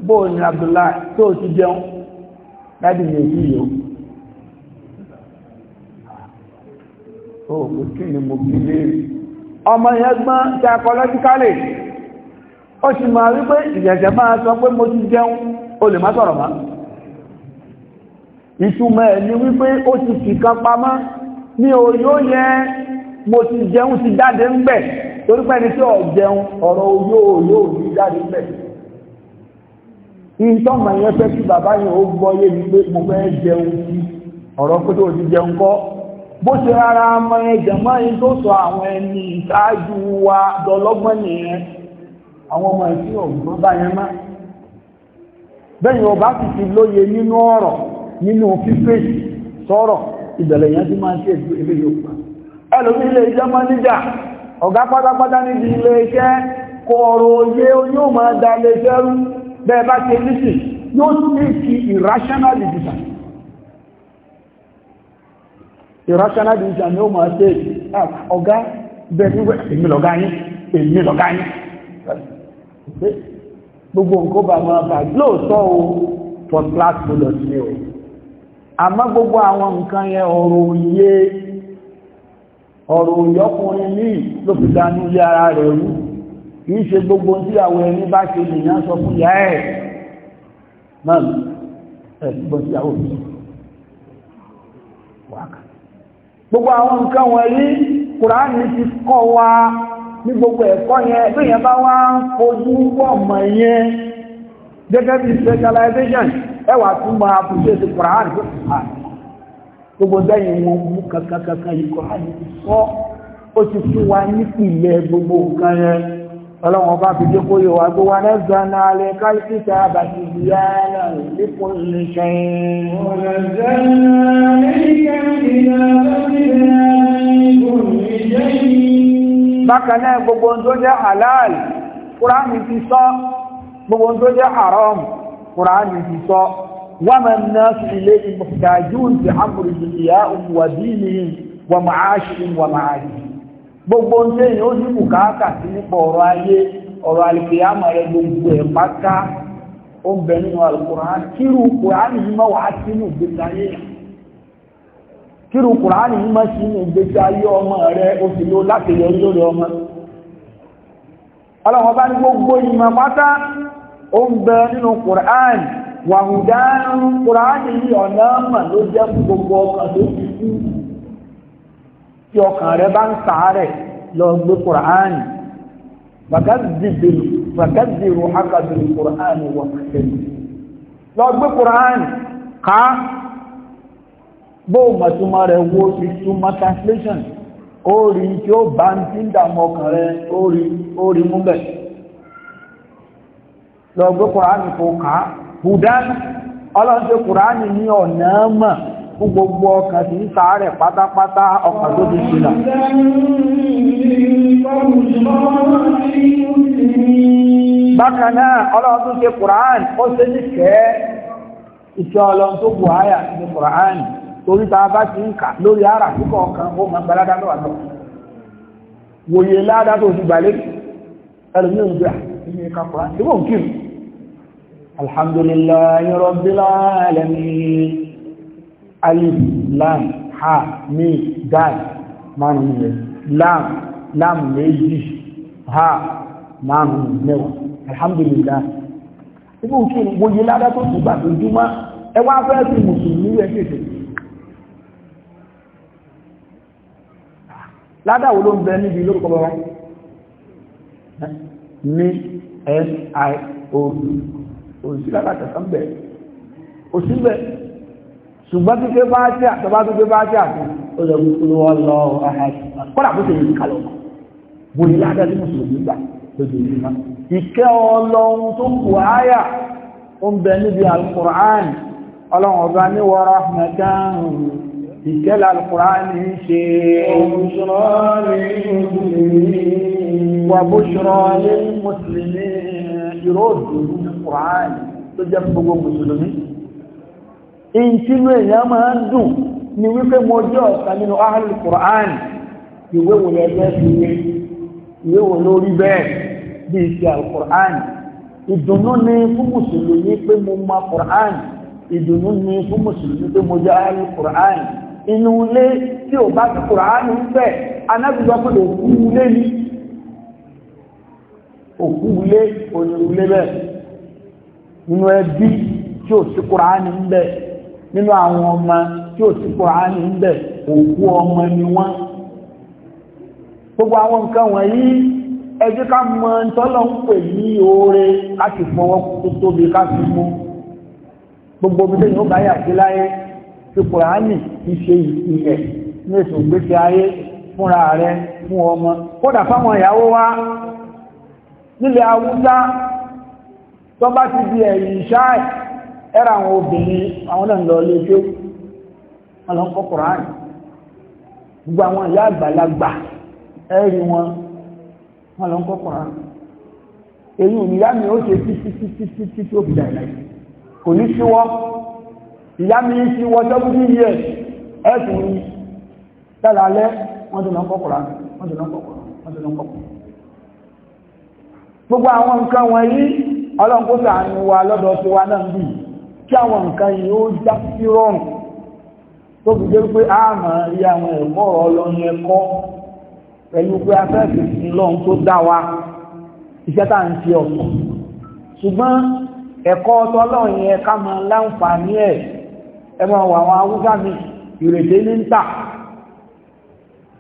Speaker 1: bóò ní Abdullahi tó ti jẹun láti lè fi yòó ó kò kí ni mo fi léèrè ọmọ yẹn gbọ́n psychologically ó sì máa wípé ìjẹ̀jẹ̀ máa sọ pé mo ti jẹun o lè má sọ̀rọ̀ má ìtumọ̀ ẹ̀ ni wípé ó ti fìkan pamọ́ ní òyó yẹn mo ti jẹun ti jáde ń bẹ̀ torí pé tí ọ jẹun ọ̀rọ̀ yóò yóò ní jáde ń bẹ̀. ìtọ́mọ̀ yẹn fẹ́ kí bàbá yẹn ó gbọ́ yé mi pé mo fẹ́ jẹun sí ọ̀rọ̀ pé tó ti jẹun kọ́ bó ṣe rárá ọmọ yẹn jẹ̀mọ́ tó sọ àwọn ẹni àwọn ọmọ ọ̀gbọ́n bá yẹn má sì ti lóye nínú ọ̀rọ̀ ẹlòmí ilé iṣẹ́ mọ́níjà ọ̀gá pátápátá níbi ilé iṣẹ́ kọ̀ọ̀rọ̀ oyé yóò máa da ilé iṣẹ́ rú bẹ́ẹ̀ bá ti níṣì yóò ní kí irrational decision irrational decision yóò máa ṣe ah, ọ̀gá bẹ́ẹ̀ èmi lọ̀gá yín èmi lọ̀gá yín gbogbo nǹkan bá máa bà lóòótọ́ o for class bulletin o àmọ́ gbogbo àwọn nǹkan yẹn ọ̀rọ̀ ọ̀rọ̀ òyọ́kùnrin ní ló fi dánú ilé ara rẹ̀ rú kìí ṣe gbogbo tí àwọn ẹni bá ṣe nìyàn sọ fún ìyá ẹ̀ náà ẹ̀gbọ́n tí àwọn òfin wákà gbogbo àwọn nǹkan wọ̀nyí kùránì ti kọ́ wa ní gbogbo ẹ̀kọ́ yẹn bí yẹn bá wá ń fojú wọ̀ mọ̀ yẹn gẹ́gẹ́ bí specialization ẹwà tún máa fi ṣe ti kùránì tó kùránì gbogbo dẹ́yìn wọn mú kankankankan ikọ̀ láti sọ ó ti fún wa nípìnlẹ̀ gbogbo nǹkan yẹn ọlọ́wọ́n bá fi dé kó yẹ wá gbé wa lẹ́sàn án alẹ́ káìsíta àbàtì
Speaker 2: ìyá náà nípò lè ṣe ọ̀rẹ́ sẹ́yìn àlẹ́kẹ́ ìlà lọ́sí ìlànà ìbòmíjẹ́yìn.
Speaker 1: bákan náà gbogbo ohun halal kúránì ti sọ gbogbo ohun tó jẹ́ وما الناس إليه محتاجون في أمر دنياهم ودينهم ومعاشهم ومعادهم gbogbo ń tẹ́yìn ó ní bùkátà sí nípa ọ̀rọ̀ ayé ọ̀rọ̀ rẹ gbogbo ẹ̀ pátá ó ń bẹ nínú alìkùrán kírù kùránì yìí máa wà sínú ìgbésí ayé kírù kùránì yìí máa sínú ìgbésí ayé ọmọ rẹ ó sì ló láti lórí ọmọ ọlọ́wọ́n bá ní gbogbo pátá ó ń bẹ nínú kùránì wàhùdánù kùránì ọ̀nà mà ló jẹ́ gbogbo ọkàn tó ti kú tí ọkàn rẹ bá ń sàárẹ̀ lọ gbé kùránì bàkàzìrò hakàzìrò kùránì wà kẹsẹ̀lú lọ gbé kùránì ká bó Matuma rẹ̀ wo ìtumọ̀ translation ó rí tí ó bá ń ń ọkàn ó rí lọ gbé kó hudan ọlọ́dún kùránì ní ọ̀nà mọ̀ fún gbogbo ọkàn tí sàárẹ̀ pátápátá ọkàn tó ti ṣìnà bákan náà ṣe kùránì ó ṣe ní kẹ́ ìṣẹ́ ọlọ́dún tó torí ti ń lórí ara gbalada الحمد لله رب العالمين ألف لام ha mi dal márùn لام lam lam méjì ha márùn mẹ́wàá alhamdulillah ibú kí n gbóyé ládá tó tún gbàgbé júmọ́ ẹ wá fẹ́ sí mùsùlùmí rẹ̀ kéèkéè ládá wo ló ń bẹ níbi lórúkọ bàbá ní s i o òsì lákàtà sánbẹ̀ òsì bẹ̀ ṣùgbọ́n kíkẹ́ bá ṣe àtọ́bá kíkẹ́ bá ṣe àtọ́ ó lọ bí kúrò wọn lọ kọ́dà bó ṣe yìí kalọ̀ bó ní ládá tí mùsùlùmí gbà lójú ìlú náà ìkẹ́ ọlọ́run tó kù áyà ó ń bẹ ìró òdòdó Quran tó jẹ́ gbogbo mùsùlùmí ìtínú èèyàn máa ń dùn ni wípé mo jẹ́ ọ̀kan nínú ahlul Quran ìwé wò lẹ bẹ́ẹ̀ fi lé ìwé wò lórí bẹ́ẹ̀ bí i ti al-Quran ìdùnnú ni fún mùsùlùmí pé mo mọ Quran ìdùnnú ni fún mùsùlùmí pé mo jẹ́ ahlul Quran inú ilé tí ò bá ti Quran ń bẹ̀ anábìgbà lè kú ilé ni. òkú ilé onírú ilé bẹ́ẹ̀ nínú ẹbí tí ò sí kùránì ń bẹ nínú àwọn ọmọ tí ò sí kùránì ń bẹ òkú ọmọ ni wọ́n gbogbo àwọn nǹkan wọ̀nyí ẹ ká mọ tọ́lọ̀ ń pè ní oore láti fọwọ́ tó tóbi ká fi mú gbogbo omi tẹ́yìn ó bá yà sí láyé tí ti ṣe ìpìlẹ̀ ọmọ kódà fáwọn ìyàwó wa nílẹ̀ haúsá tó bá ti di ẹ̀yìn ṣáì ẹ̀rọ àwọn obìnrin àwọn náà lọ lé tó wọn lọ ń kọ́ kùránì gbogbo àwọn ìyá àgbàlagbà ẹ̀rí wọn wọn lọ ń kọ́ kùránì èyí ìyá mi ó ṣe títí títí títí tó fi dàgbà kò ní síwọ́ ìyá mi ń síwọ́ sọ́kúndì yẹ ẹ̀sùn yìí tẹ́lẹ̀ alẹ́ wọ́n ti lọ ń kọ́ kùránì wọ́n ti lọ ń kọ́ kùránì wọ́n ti lọ ń kọ́ kùránì gbogbo àwọn nǹkan wọ̀nyí ọlọ́run kó ṣàánú wa lọ́dọ̀ tí wa náà ń bì kí àwọn nǹkan yìí ó já sí rọrùn tó fi dé pé a máa rí àwọn ẹ̀kọ́ ọlọ́run ẹ̀kọ́ pẹ̀lú pé afẹ́fẹ́ sí lọ́run tó dá wa iṣẹ́ tá à ń ṣe ọ̀pọ̀ ṣùgbọ́n ẹ̀kọ́ tọ́lọ́run yẹn ká máa láǹfààní ẹ̀ ẹ máa wà àwọn haúsá mi ìrètí ní ń tà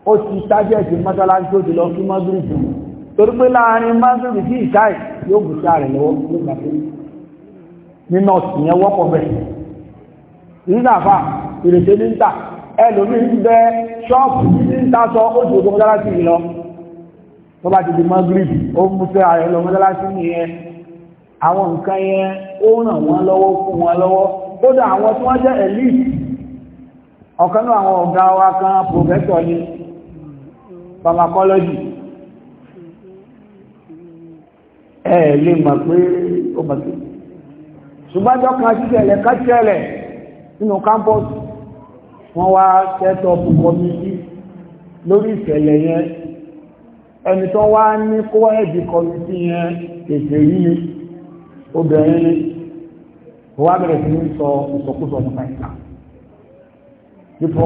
Speaker 1: ó ti tájẹ̀tì mọ́tálásí ó ti lọ sí mọ́dúrìtì torí pé láàrin mọ́sùlùmí sí ìṣáì yóò bù sáà rẹ̀ lọ́wọ́ yóò gbà pé nínú ọ̀sìn yẹn wọ́pọ̀ bẹ́ẹ̀ nígbàfà ìrètè ní ta ẹlòmí ń bẹ ṣọ́ọ̀pù ní ta sọ ó ti òkú mọ́sálásí yìí lọ tó bá ti di magrib ó mú fẹ́ ààrẹ lọ mọ́sálásí yẹn àwọn nǹkan yẹn ó ràn wọ́n lọ́wọ́ fún wọn lọ́wọ́ kódà àwọn tí wọ́n jẹ́ elite ọ̀kan náà àwọn ọ̀gá wa kan professor ní pharmacology ẹ lè mọ̀ pé ó mọ̀ sí. ṣùgbọ́njọ́ kan ṣíṣẹlẹ̀ ká nínú kámpọ́ọ̀sì wọ́n wá ṣẹ́tọ̀ lórí ìṣẹ̀lẹ̀ yẹn ẹni tó wá ní kó yẹn èsè yí obìnrin ni ó wá bẹ̀rẹ̀ sí ní sọ ìsọkúsọ nípa ìta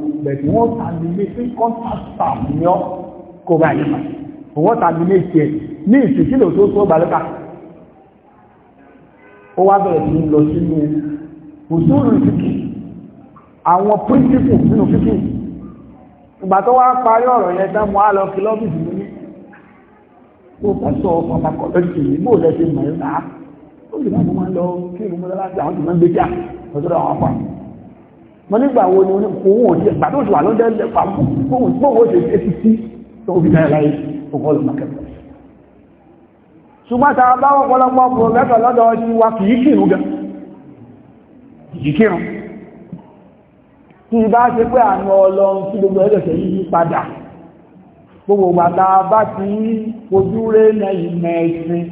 Speaker 1: but wọ́n terminate contract staff ni ọ́ kó bá yẹn mọ̀ wọ́n terminate tiẹ̀ ní ìsìnkílò tó tó gbàlúkà ó wá bẹ̀rẹ̀ sí lọ sínú òṣòro ìsìnkì àwọn píríncípù nínú fífi ìgbà tó wá parí ọ̀rọ̀ yẹn tán mo á lọ kìlọ́bìsì mi ní tó bá sọ pàtàkọ̀lọ́sì yìí bó lẹ́sìn mọ̀ ẹ́ náà ó sì máa ń lọ kí ìlú mo nígbà wo ni òun ò jẹ́ gbàdó òṣùwà ló dẹ́ pàmò fóun ó ṣe ṣe ti tí tó fi dára láyé òkọ́ lọ mọ́kẹ́kọ̀ọ́ ṣùgbọ́n tàà bá ọ̀pọ̀lọpọ̀ pọ̀lẹ́tọ̀ lọ́dọ̀ ti wa kìí kìrù gan kìí kìrù tí bá ṣe pé àánú ọlọ́run tí gbogbo ẹlẹ́sẹ̀ yìí padà gbogbo bàtà bá ti ojú rẹ̀ ìmẹ̀ ẹ̀sìn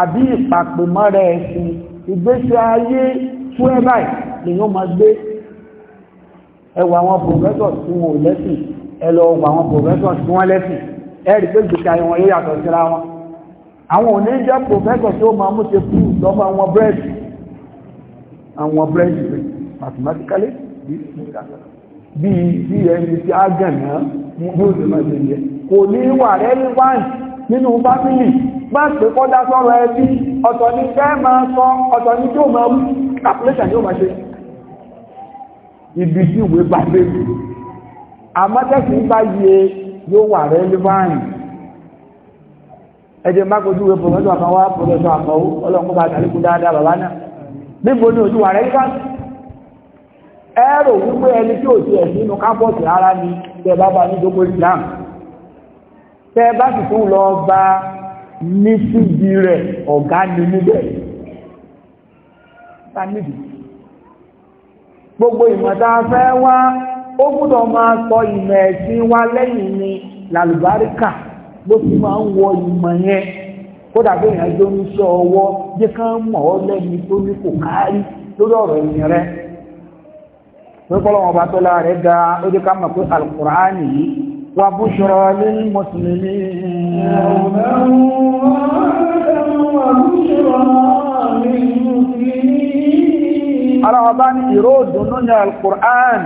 Speaker 1: àbí ìpàpè mọ́rẹ̀ ẹ̀sìn ìgbésẹ̀ ayé fún ẹ̀ báyìí lèyàn máa gbé ẹwà àwọn professors tí wọn ò lẹ́sìn ẹ lọ wọ àwọn professors tí wọ́n lẹ́sìn ẹ rí pé ìgbésà wọn yóò yàtọ̀ síra wọn àwọn òní jẹ́ professors tí ó máa mú ṣe fún ìjọba àwọn búrẹ́dì àwọn búrẹ́dì rẹ̀ mathematically bí bí ẹni tí a gànà mú ìrìnàjò yẹ kò ní wà rẹ̀ ní wáyìí nínú fámílì bá pè kọ́ dá sọ́rọ̀ ẹbí ọ̀tọ̀ ní fẹ́ máa sọ ọ̀tọ̀ ní tí ó máa mú calculation yóò máa ṣe ibi tí ìwé bá dé àmọ́tẹ́sí bá yẹ yóò wà rẹ̀ lẹ́fàáyìn ẹjẹ mákojú rẹ̀ pọ̀lọ́sọ̀ ọlọ́pọ̀ bá dáadáa bàbá náà níbo ní ojú wà rẹ̀ nípa ẹ̀rọ wípé ẹni tí ò ti ẹ̀ sínú kápọ̀tì ara ni tẹ bá bá nídógó Islam tẹ bá sì lọ bá ní síbi rẹ̀ ọ̀gá ni níbẹ̀ gbogbo ìmọ̀ta fẹ́ wá ó gbúdọ̀ máa sọ ìmọ̀ ẹ̀sìn wa lẹ́yìn ni làlùbáríkà ló fi máa ń wọ ìmọ̀ yẹn kódà bí èèyàn jó ń sọ ọwọ́ jẹ́ ká mọ̀ ọ́ lẹ́ni tó ní kò kárí lórí ọ̀rọ̀ ẹ̀sìn rẹ pẹ́kọ́lọ́wọ́n ọba tó lára rẹ̀ ga ó jẹ́ ká mọ̀ pé alukùránì yìí wà bú ṣọ́rọ̀ ní
Speaker 2: mùsùlùmí ọ̀rọ̀
Speaker 1: aláwọ̀ bá ní ìró òdùnú ní alkùrán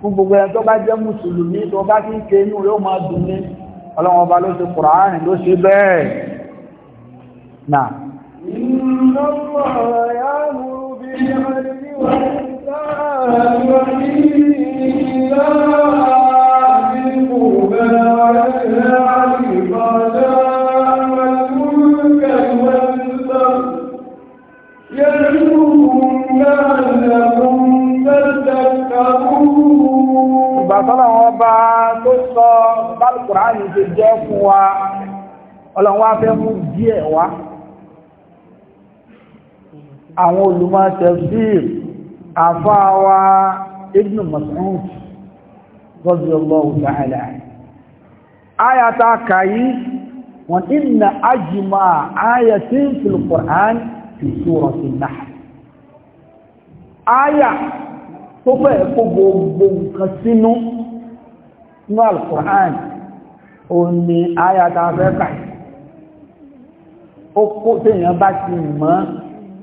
Speaker 1: fún gbogbo ẹ̀ tó bá jẹ́ mùsùlùmí tó bá kí ń ké inú yóò máa dùn ní ọlọ́wọ̀ ló ṣe kùrán ló ṣe bẹ́ẹ̀ náà
Speaker 2: Ìgbà sọ́nà
Speaker 1: wọn bá tó sọ Bálùkùránì ti jẹ́ fún wa, ọlọ́run wá fẹ́ mú díẹ̀ wá. Àwọn olùmọ̀ tafsir, àfáà wa Ibn Mas'ud, radiyallahu ta'ala. Ayata kàyí, wọn inna ajma ayatin fil Qur'an fi suratin áyà tó bẹ́ẹ̀ kó gbogbo nǹkan sínú ní alkùnrán o ní áyà tàbẹ́ kàí ó kó tèèyàn bá ti mọ̀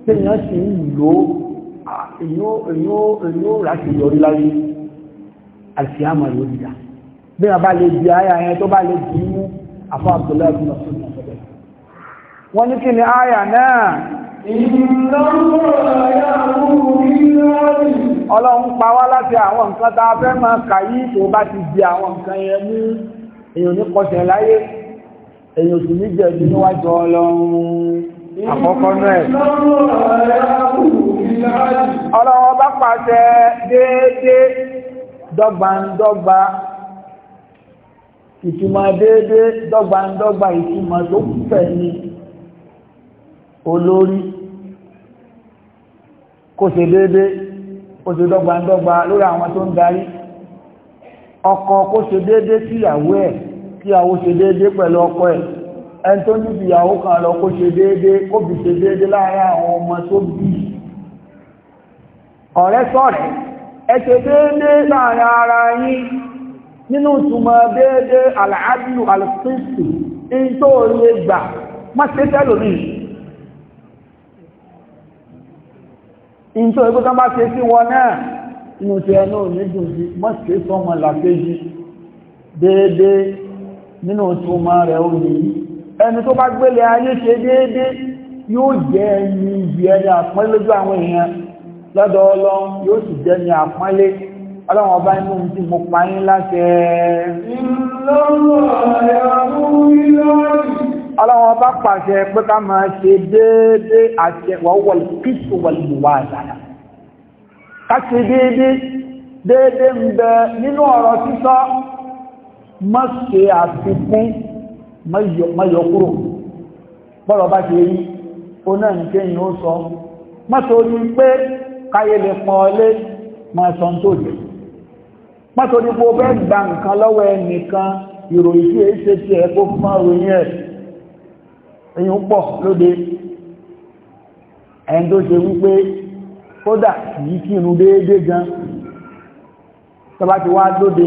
Speaker 1: tèèyàn sì ń lò èyí ó láti yọrí láyé alfihàn ló dìdá bí wọ́n bá lè di áyà yẹn tó bá lè dì í mú àfọ́ Abdullahi bin Mas'ud wọ́n ní kí ni áyà náà Ọlọ́run pa wá láti àwọn nǹkan tá a fẹ́ máa kà yí tó bá ti di àwọn nǹkan yẹn mú èyàn ní kọsẹ̀ láyé, èyàn sì ní jẹ̀bi níwájú Ọlọ́run àkọ́kọ́ náà. Ọlọ́run bá pàṣẹ déédéé dọ́gbandọ́gba ìtumọ̀ déédéé dọ́gbandọ́gba ìtumọ̀ tó fẹ̀ ni olórí kó ṣe déédé kó ṣe dọ́gbandọ́gba lórí àwọn tó ń darí ọkọ kó ṣe déédé síyàwó ẹ̀ kíyàwó ṣe déédé pẹ̀lú ọkọ ẹ̀ ẹni tó níbi ìyàwó kan lọ kó ṣe déédé kó bí ṣe déédé láàárín àwọn ọmọ tó bí ọ̀rẹ́ sọ̀rẹ́ ẹ ṣe déédé láàárín ara yín nínú ìtumọ̀ déédé àlàájú àlùkìsì ní tó lè gbà má ṣe tẹ́lòmíì ìjọ ìgbé tán bá ṣe sí wọn náà inú ti ẹnu òní dùn sí mọ́sí sọmọ làkejì déédé nínú túnmọ́ rẹ̀ ó ní ẹni tó bá gbélé ayé ṣe déédé yóò jẹ́ ẹni ibi ẹni àpọ́nlé lójú àwọn èèyàn lọ́dọ̀ ọlọ́run yóò sì ọlọ́wọ́ bá pàṣẹ pé ká máa ṣe déédé àṣẹ wọ́wọ́l kíṣù wọlùwà àdára ká ṣe déédé déédé ń bẹ nínú ọ̀rọ̀ sísọ má ṣe àfikún mọ́yọkúrò bọ́rọ̀ bá ṣe rí ó náà ń ké yìí ó sọ má torí pé káyé lè pọ̀ máa sọ tó jẹ má torí pé ó fẹ́ gba nǹkan lọ́wọ́ ẹnìkan ìròyìn tí èé ṣe tiẹ̀ kó fún àròyìn ẹ̀ èyàn pọ̀ lóde ẹni tó ṣe wípé kódà yìí kírun déédéé gan tọba ti wá lóde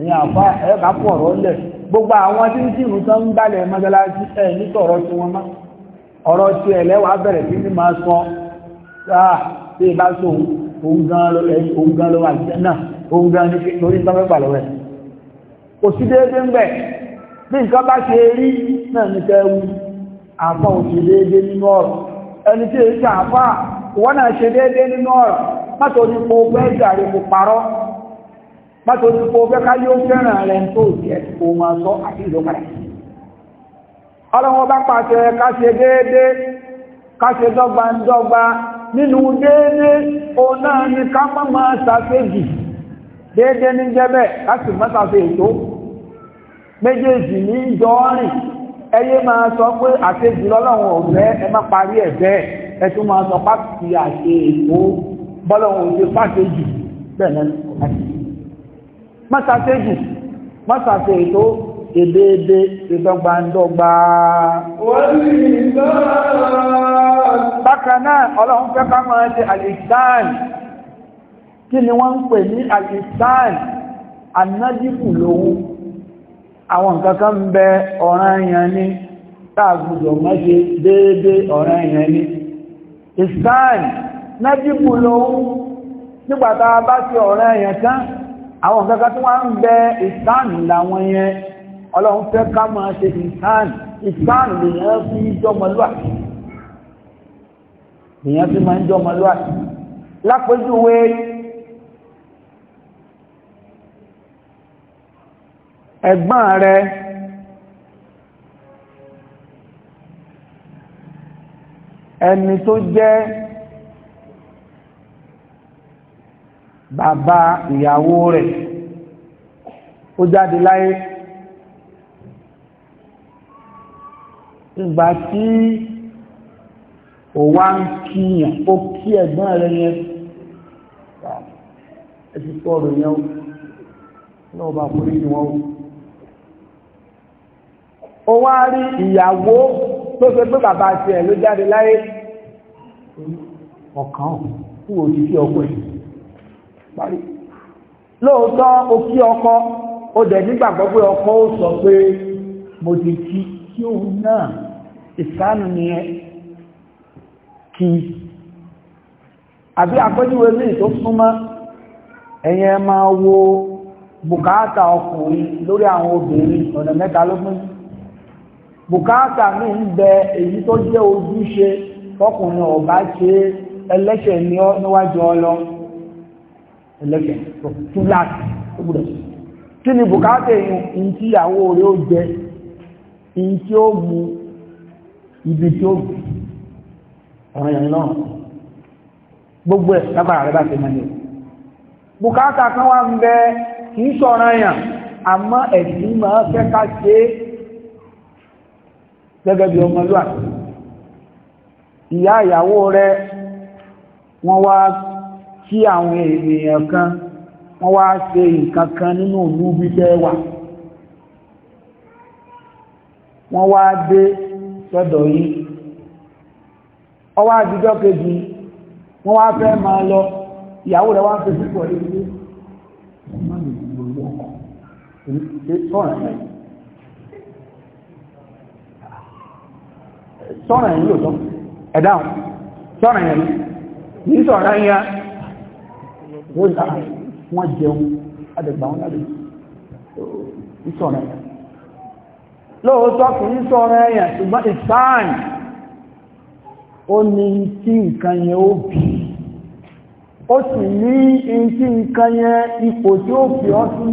Speaker 1: èyàn àfá ẹ̀ka pọ̀ rọ́lẹ̀ gbogbo àwọn tí ń kírun tán ń gbálẹ̀ mọ́sálásí ẹ̀ nítọ̀rọ̀ tí wọ́n má ọ̀rọ̀ tí ẹ̀lẹ́wàá bẹ̀rẹ̀ sí ní máa sọ sáà tí ì bá sóhun òun gan ló wà jẹ́ náà òun gan ní lórí tọ́fẹ́ pàlọ́ rẹ̀ kò sí déédéé ń bẹ̀ bí nǹkan bá ṣe rí náà ní kẹ́ wú àfá ò ṣe déédé nínú ọ̀rọ̀ ẹni tí èyí àfá wọ́n náà ṣe déédé nínú ọ̀rọ̀ mọ́tò ní po fẹ́ jàre kò parọ́ mọ́tò ní po ká yóò fẹ́ràn rẹ̀ tó sọ àti ọlọ́wọ́ bá pàṣẹ ká ṣe déédé ká ṣe dọ́gba ń dọ́gba nínú déédé òun náà ni ká má máa déédé ní jẹ́bẹ̀ ẹyẹ máa sọ pé àṣejù lọ́lọ́run ò fẹ́ ẹ má parí ẹ̀ bẹ́ẹ̀ ẹ tún máa sọ pàtàkì àṣe èkó bọ́lọ́run ò ṣe pàṣejù bẹ́ẹ̀ náà kò pàṣẹ. má ṣàṣejù má ṣàṣe ètò èdèèdè ìdọ́gbandọ́gba.
Speaker 2: wọ́n sì ń bá
Speaker 1: bákan náà ọlọ́run fẹ́ ká máa ṣe àlìsàn kí ni wọ́n ń pè ní àlìsàn ànájìkù lòun. àwọn nǹkan kan ń bẹ ọ̀ranyàn ni táàgùdọ̀ mọ́ṣe déédé ọ̀ranyàn ni ìsáàn nájíbù lóhun nígbàtà bá ọ̀rọ̀ ọ̀ranyàn tán àwọn nǹkan tí wọ́n ń bẹ ìsáàn làwọn yẹn ọlọ́run fẹ́ ká máa ṣe lèyàn fi jọmọlúwàtí lápẹjúwe ẹ̀gbọ́n rẹ̀
Speaker 2: ẹni tó jẹ́
Speaker 1: bàbá ìyàwó rẹ̀ ó jáde láyé ìgbà tí ò wá ń kíyàn ó kí ẹ̀gbọ́n rẹ̀ yẹn ẹ̀sìnkú ọ̀rọ̀ yẹn ó lọ́wọ́ bá kú nínú wọn ó ó wá rí ìyàwó tó ṣe pé bàbá àti ẹ̀ ló jáde láyé ọ̀kan fún òjì sí ọkọ ẹ̀ parí lóòótọ́ o kí ọkọ o dẹ̀ nígbàgbọ́ pé ọkọ ó sọ pé mo ti kí kí òun náà ìsánù nìyẹn kí àbí àpẹ́júwe ní ìtó súnmọ́ ẹ̀yẹn máa wo bùkátà ọkùnrin lórí àwọn obìnrin ọ̀nà mẹ́ta ló bùkátà mi ń bẹ èyí tó jẹ́ ojúṣe fọkùnrin ọ̀bá ṣe ẹlẹ́ṣẹ̀ ní ọ níwájú ọlọ ẹlẹ́ṣẹ̀ tún láti ó gbúdọ̀ sí kí ni bùkátà èyàn ìyí tí ìyàwó rẹ̀ ó jẹ ìyí tí ó mú ibi tí ó gbù ọ̀rọ̀ yẹn náà gbogbo ẹ̀ lágbára rẹ̀ bá ṣe máa bùkátà kan wà ń bẹ kì í ṣọ̀ràn yàn àmọ́ ẹ̀sìn máa fẹ́ ká ṣe é gẹ́gẹ́ bí ọmọ ọmọlúwàbí ìyá ìyàwó rẹ wọ́n wá kí àwọn ènìyàn kan wọ́n wá ṣe nǹkan kan nínú ìlú gbígbẹ́ wà wọ́n wá dé sọ́dọ̀ yìí ọwá àdìjọ́ kejì wọ́n wá fẹ́ ma lọ ìyàwó rẹ̀ wá ń fi púpọ̀ lé sọ́nà yìí lòtọ́ ẹ̀dáhùn sọ́nà ẹ̀yìn ní sọ̀rọ̀ yá wọ́n jẹun adẹ̀gbà wọn lábẹ́ ìsọ̀rọ̀ yá lóòótọ́ kì í ṣùgbọ́n ìsáàn ó ní tí nǹkan yẹn ó bì ó sì ní tí nǹkan yẹn ipò tí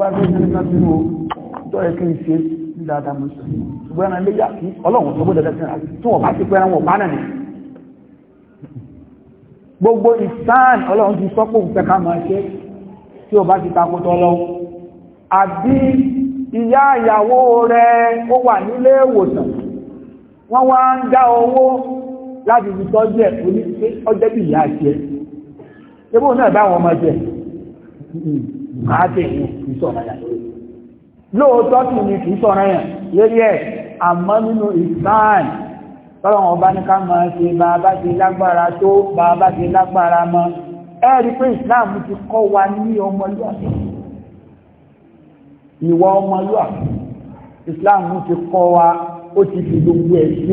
Speaker 2: wá gbé ìṣẹ́lẹ̀ náà sínú
Speaker 1: ọlọ́run tó bá ti pẹ́ wọn gbogbo tí ó bá ti takótọ́ lọ́wọ́ àbí ìyá ìyàwó rẹ̀ ó wà nílé ìwòsàn wọ́n wá ń dá owó láti fi tọ́jú ẹ̀ oníṣẹ́ ọjẹ́ bí ìyá àti káàkiri kì í sọ̀rọ̀ yẹn lóòótọ́ sì ni kì í sọ̀rọ̀ yẹn lórí ẹ̀ àmọ́ nínú ìsáàn tọ́lọ́wọ́n ọba ní ká máa ṣe bàbá ti lágbára tó bàbá ti lágbára mọ́ ẹ rí pé Islam ti kọ́ wa ní ọmọlúwàbí ìwà ọmọlúwàbí Islam ti kọ́ wa ó ti fi gbogbo ẹ̀ sí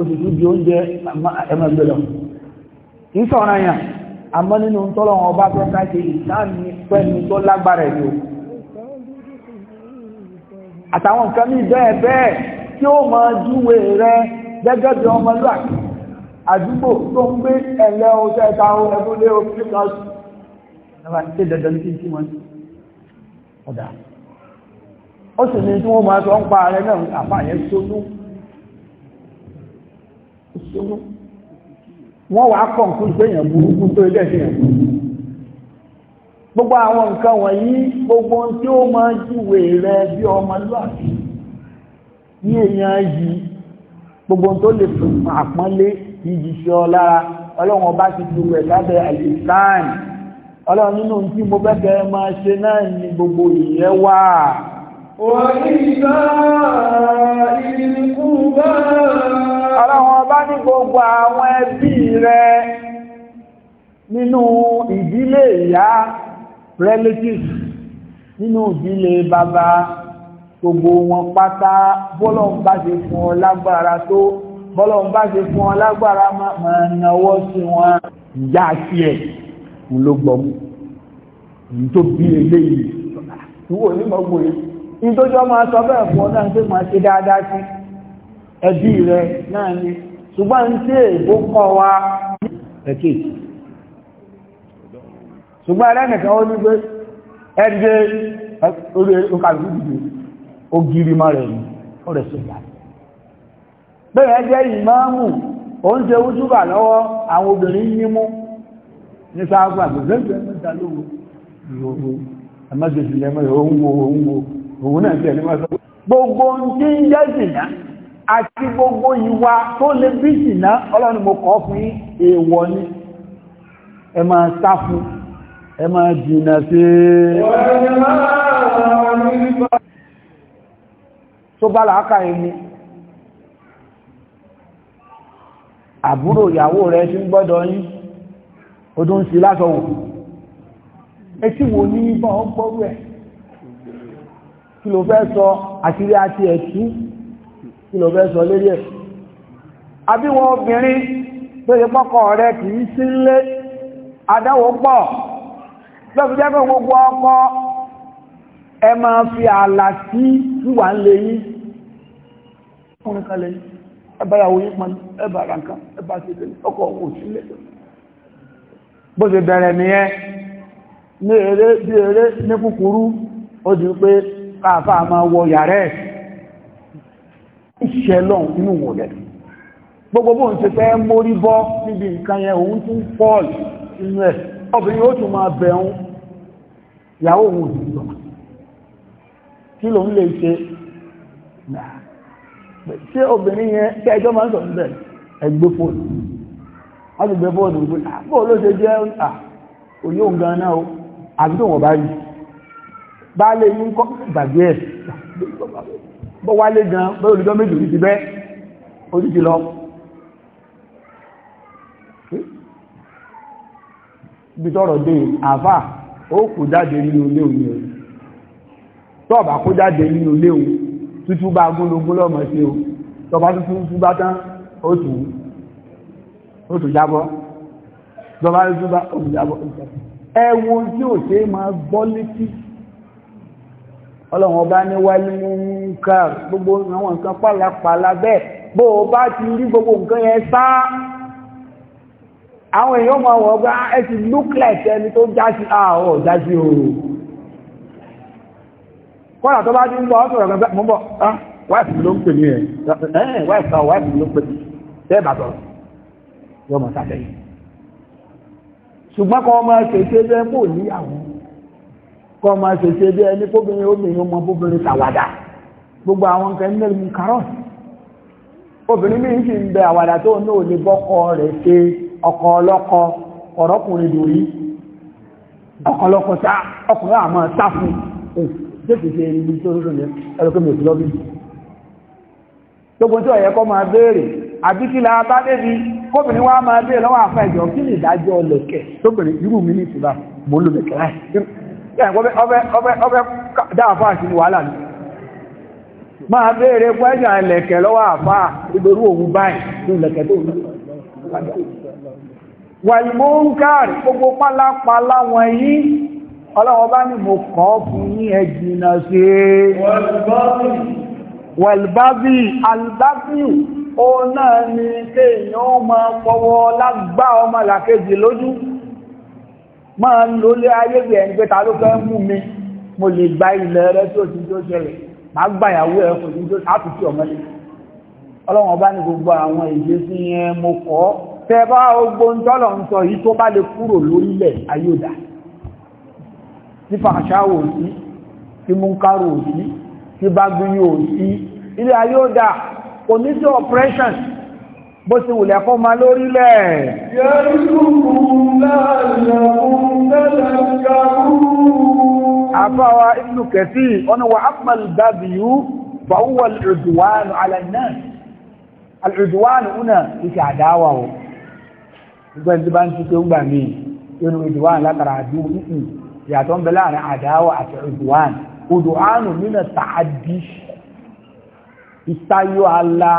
Speaker 1: òṣìṣú di oúnjẹ ẹmọ ìgbẹ̀lọ kì í sọ̀rọ̀ yàn àmọ́ nínú tọ́lọ̀wọ̀n ọba tó ká ṣe ìsáàmì pẹ́ni tó lágbára ẹ̀yọ
Speaker 2: àtàwọn nǹkan ní bẹ́ẹ̀ bẹ́ẹ̀
Speaker 1: tí ó mọ júwe rẹ gẹ́gẹ́ bí ọmọ lúàkì àdúgbò tó ń gbé ẹ̀lẹ́ oṣù ẹ̀ta ẹ̀bùlé oṣù ẹ̀bá ṣe dandan ní kí wọ́n ọ̀dà ó sì ní tí wọ́n máa wọ́n wà kọ̀ǹkún sẹ́yìn burúkú tó ilé ẹ̀sìn gbogbo àwọn nǹkan wọ̀nyí gbogbo tí ó máa júwe rẹ bí ọmọlúwàbí ní èèyàn yìí gbogbo tó lè fún àpọ́nlé ìjì ṣe ọ lára ọlọ́run ọba ti ju rẹ̀ lábẹ́ àìsàn ọlọ́run nínú tí mo fẹ́ kẹ́ máa ṣe náà ni gbogbo ìyẹn wà
Speaker 2: Ọlọ́run bá ní gbogbo àwọn ẹbí rẹ
Speaker 1: nínú ìdílé ìyá relatives nínú ìdílé bàbá gbogbo wọn pátá bọ́lọ̀n bá ṣe fún ọ lágbára tó bọ́lọ̀n bá ṣe fún ọ lágbára máa náwọ́ sí wọn ìyá sí ẹ̀ ń tó bí eléyìí ìwò onímọ̀ gbòye ìdójọ́ máa sọ bẹ́ẹ̀ fún ọdá náà pé máa ṣe dáadáa sí ẹbí rẹ náà ni ṣùgbọ́n tí èbó kọ́ wa ẹ̀kì ṣùgbọ́n ẹlẹ́nìkan ó ní pé ẹ̀dẹ́ orí òkàlùkù dìde ògiri máa rẹ̀ ní ó rẹ̀ òun náà tẹ̀lé máa sọ gbogbo tí ń jẹ́ jìnà àti gbogbo ìwà tó lè bí jìnà ọlọ́run mo kọ́ fún èèwọ̀ ni ẹ máa sá fún ẹ máa jìnà sí ẹni àbúrò ìyàwó rẹ̀ tí ń gbọ́dọ̀ yín ó tún sí lásọ̀wò etí wo ní bá ọgbọ́rú ẹ̀ kí ló fẹ́ sọ àṣírí àti ẹ̀tú kí ló fẹ́ sọ lérí ẹ̀ àbí wọn obìnrin tó yẹ pọ́kọ rẹ kì í sílé adáwò pọ̀ lọ́fi jẹ́ pé gbogbo ọkọ ẹ máa fi ààlà sí wíwà ń lè yín ọkùnrin kan ẹbáyàwó yín pọn ẹbà rànkà ẹbà sí ilé ọkọ òwò bó ṣe bẹ̀rẹ̀ nìyẹn ní eré bí eré ní kúkúrú ó di pé káàfà máa wọ yàrá ẹ̀ ìṣẹ́lọ́n inú wọ̀lẹ̀ gbogbo bóun ṣe fẹ́ mórí bọ́ níbi nǹkan yẹn òun tún paul inú ẹ̀ obìnrin ó tún máa bẹ̀rún ìyàwó òun ìlọ kí ló ń lè ṣe ṣé obìnrin yẹn tí ẹjọ́ máa ń sọ níbẹ̀ ẹgbẹ́ fóònù wọ́n ti gbé fóònù gbé fóònù ló ṣe jẹ́ òyìn òun gan náà àbí tó wọ́n bá rí bá lè ní kọ́ gbàgbé ẹ̀ bọ́ wá lé gan bọ́ olùdó méjì orí ti bẹ́ orí ti lọ bí tọ́rọ̀ dé àfà ó kò jáde nínú ilé òní ẹ̀ tọ́ọ̀bà kó jáde nínú ilé òun tútú bá gúnlógún lọ́mọ sí o tọba tútú bá tán ó tù ó tù jábọ́ tọba tútú bá ó tù jábọ́ ẹwọ tí ò ṣe máa gbọ́ létí ọlọ́run ọba ní wáyé múnkà gbogbo àwọn nǹkan pàlàpàlà bẹ́ẹ̀ bó o bá ti rí gbogbo nǹkan yẹn sá àwọn èèyàn máa wọ̀ ọgbà ah, ẹ ti look like ẹni tó jásí àwọ̀ ah, jásí o kọ́lá tó bá ti ń bọ̀ ọ́ sọ̀rọ̀ gbẹ̀gbẹ̀ mú bọ̀ ah, wáìfì ló ń pè ní ẹ̀ wáìfì wáìfì ló ń pè ní tẹ́ bàtọ̀ yọmọ sáfẹ́yìn ṣùgbọ́n kan ọmọ kọ́ máa ṣe bí ẹni kóbìnrin obìnrin ọmọ bóbìnrin tàwàdà gbogbo àwọn nǹkan nílẹ̀ mú kárọ̀ obìnrin míì sì ń bẹ àwàdà tó ní òní bọ́kọ rẹ̀ ṣe ọkọ ọlọ́kọ ọ̀rọ́kùnrin dòrí ibi tó ní gbogbo tí máa béèrè bá débi kóbìnrin máa lọ́wọ́ kí ni ìdájọ́ tóbìnrin irú mi ní ìtura mò ń ọbẹ̀ dáàfáà sí wàhálà ní máa béèrè pẹ́jà ẹlẹ̀kẹ̀ lọ́wọ́ àfáà ìgbèrú òun báyìí ní ìlẹ̀kẹ̀ tó ní wàìmọ́ ń káàrí gbogbo pálápàá wọn yìí ọlọ́wọ́ bá ní mo kọ́ fún ní ẹjìnà sí wẹ̀lbábí albábí ó náà máa ń lo lé ayé bí ẹni pé ta ló fẹ́ mú mi mo lè gba ilẹ̀ rẹ tí ó ti tó ṣẹlẹ̀ máa gbàyàwó ẹ kò ní tó àtúntì ọ̀mọ́lé ọlọ́run ọba ní gbogbo àwọn ìgbésí yẹn mo kọ́ tẹ bá gbogbo ń tọ́lọ̀ ń sọ yìí tó bá lè kúrò lórílẹ̀ ayódà tí fàṣà ò sí tí múnkárò ò sí tí bá gbìyànjú ò sí ilé ayódà kò ní sí oppression bó ti wùlẹ̀ fún ma lórílẹ̀ àfáwa inú kẹfí ọ̀nà wà ápàl dábìyú fàúwà al'udwanu alàìnáà al'udwanu una ìṣẹ́ àdáwà o gbogbo ẹni bá ń tí tó ń gbà mí inú udwanu látara àdú ìsìn yàtọ̀ ń bẹ láàrin àdáwà àti udwanu udwanu nínú tààdì ìsáyọ́ Allah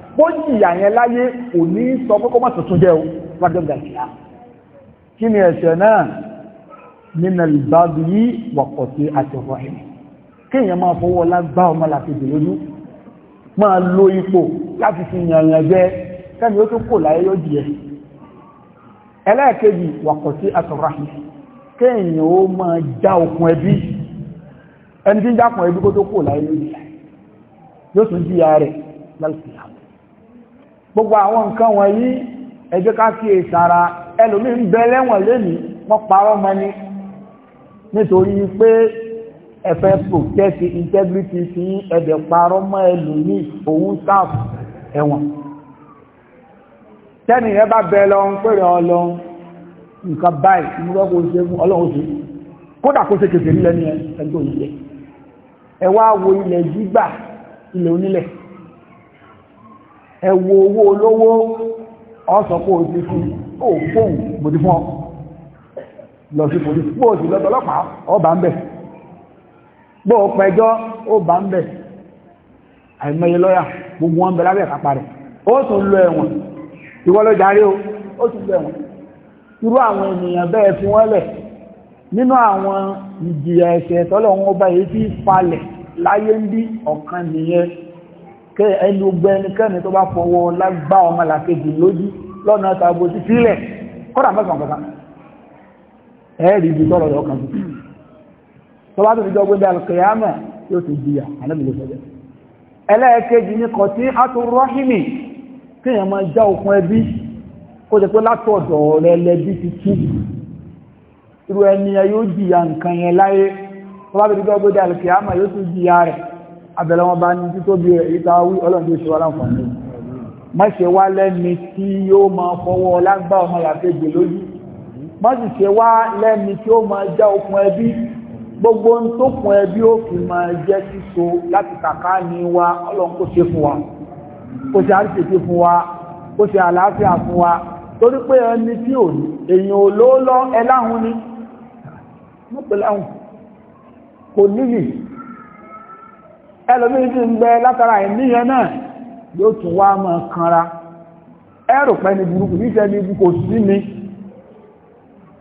Speaker 1: bó jìyà yẹn láyé kò ní sọ pé kó má tuntun jẹ́ o wájọ́ gàdìyà kí ni ẹ̀ṣẹ̀ náà nínú ìbábi yí wọ̀pọ̀ sí àtẹ̀wọ̀ ẹ̀ kéèyàn máa fọwọ́ lágbá ọmọ làkejì lójú máa lo ipò láti fi yànyàn jẹ kẹ́ni ó tó kò láyé yóò gbogbo àwọn nǹkan wọ̀nyí ẹ jẹ́ ká kí èsàrà ẹlòmí ń bẹ lẹ́wọ̀n lẹ́nìí wọ́n parọ́ mọ́ ni nítorí pé ẹ fẹ́ protect integrity sí ẹ̀dẹ̀ parọ́ mọ́ ẹlòmí òun sáàpù ẹ̀wọ̀n tẹ́nì rẹ bá bẹ lọ́n pèrè ọlọ́n nǹkan báyìí ìmúlọ́ kò ṣe kódà kó ṣe kèfèrí lẹ́ni ẹgbẹ́ òyìnbẹ́ ẹ wá wo ilẹ̀ gbígbà ilẹ̀ onílẹ̀ ẹ wo owó olówó ọ̀sọ̀pọ̀ òsì fún òfóhùn gbòdì fún ọ lọ sí polisi bó o sì lọ́dọ̀ ọlọ́pàá ọba ń bẹ̀ bó o pẹjọ́ ó bá ń bẹ̀ àìmọye lọ́yà gbogbo wọn bẹ lábẹ́ kápá rẹ̀ ó tún lọ ẹ̀wọ̀n ìwọ ló o ó tún lọ ẹ̀wọ̀n irú àwọn ènìyàn bẹ́ẹ̀ fi wọ́n lẹ̀ nínú àwọn ìjìyà ẹ̀ṣẹ̀ tọ́lọ̀ wọn ọba yìí ti falẹ̀ láyé ń bí ọ̀kan nìyẹn kí ẹni gbogbo ẹnikẹ́ni tó bá fọwọ́ lágbá ọmọ làkejì lójú lọ́nà tàbí ti sílẹ̀ kọ́dà mẹ́sàn kankan ẹ̀ẹ́rì ibi tọ́rọ rẹ̀ ọkàn tuntun tó bá tó fi jọ gbẹ́gbẹ́ alkiyama yóò ti jìyà anábìlẹ̀ sọ́jẹ́ ẹlẹ́ẹ̀kejì ní kọ̀ tí a tó rọ́hìmì kí èèyàn máa já òkun ẹbí ó jẹ́ pé látọ̀dọ̀ rẹ̀ lẹ́bí yóò ti jìyà rẹ̀ abẹ̀lẹ̀ wọn bá ní títóbi rẹ̀ ìta wí ọlọ́run tó ṣe wá láǹfààní má ṣe wá lẹ́ni tí yóò máa fọwọ́ lágbà ọmọ làkejì lójú má sì ṣe wá lẹ́ni tí ó máa já okùn ẹbí gbogbo ohun tó kùn ẹbí ó fi máa jẹ́ síso láti kàkà ní wa ọlọ́run kó ṣe fún wa kó ṣe àríṣèké fún wa kó ṣe àlàáfíà ẹlòmíì ti ń bẹ látara ìníyàn náà yóò tún wá máa kanra ẹrù pẹ́ni burúkú níṣẹ́ ní ibú kò sí mi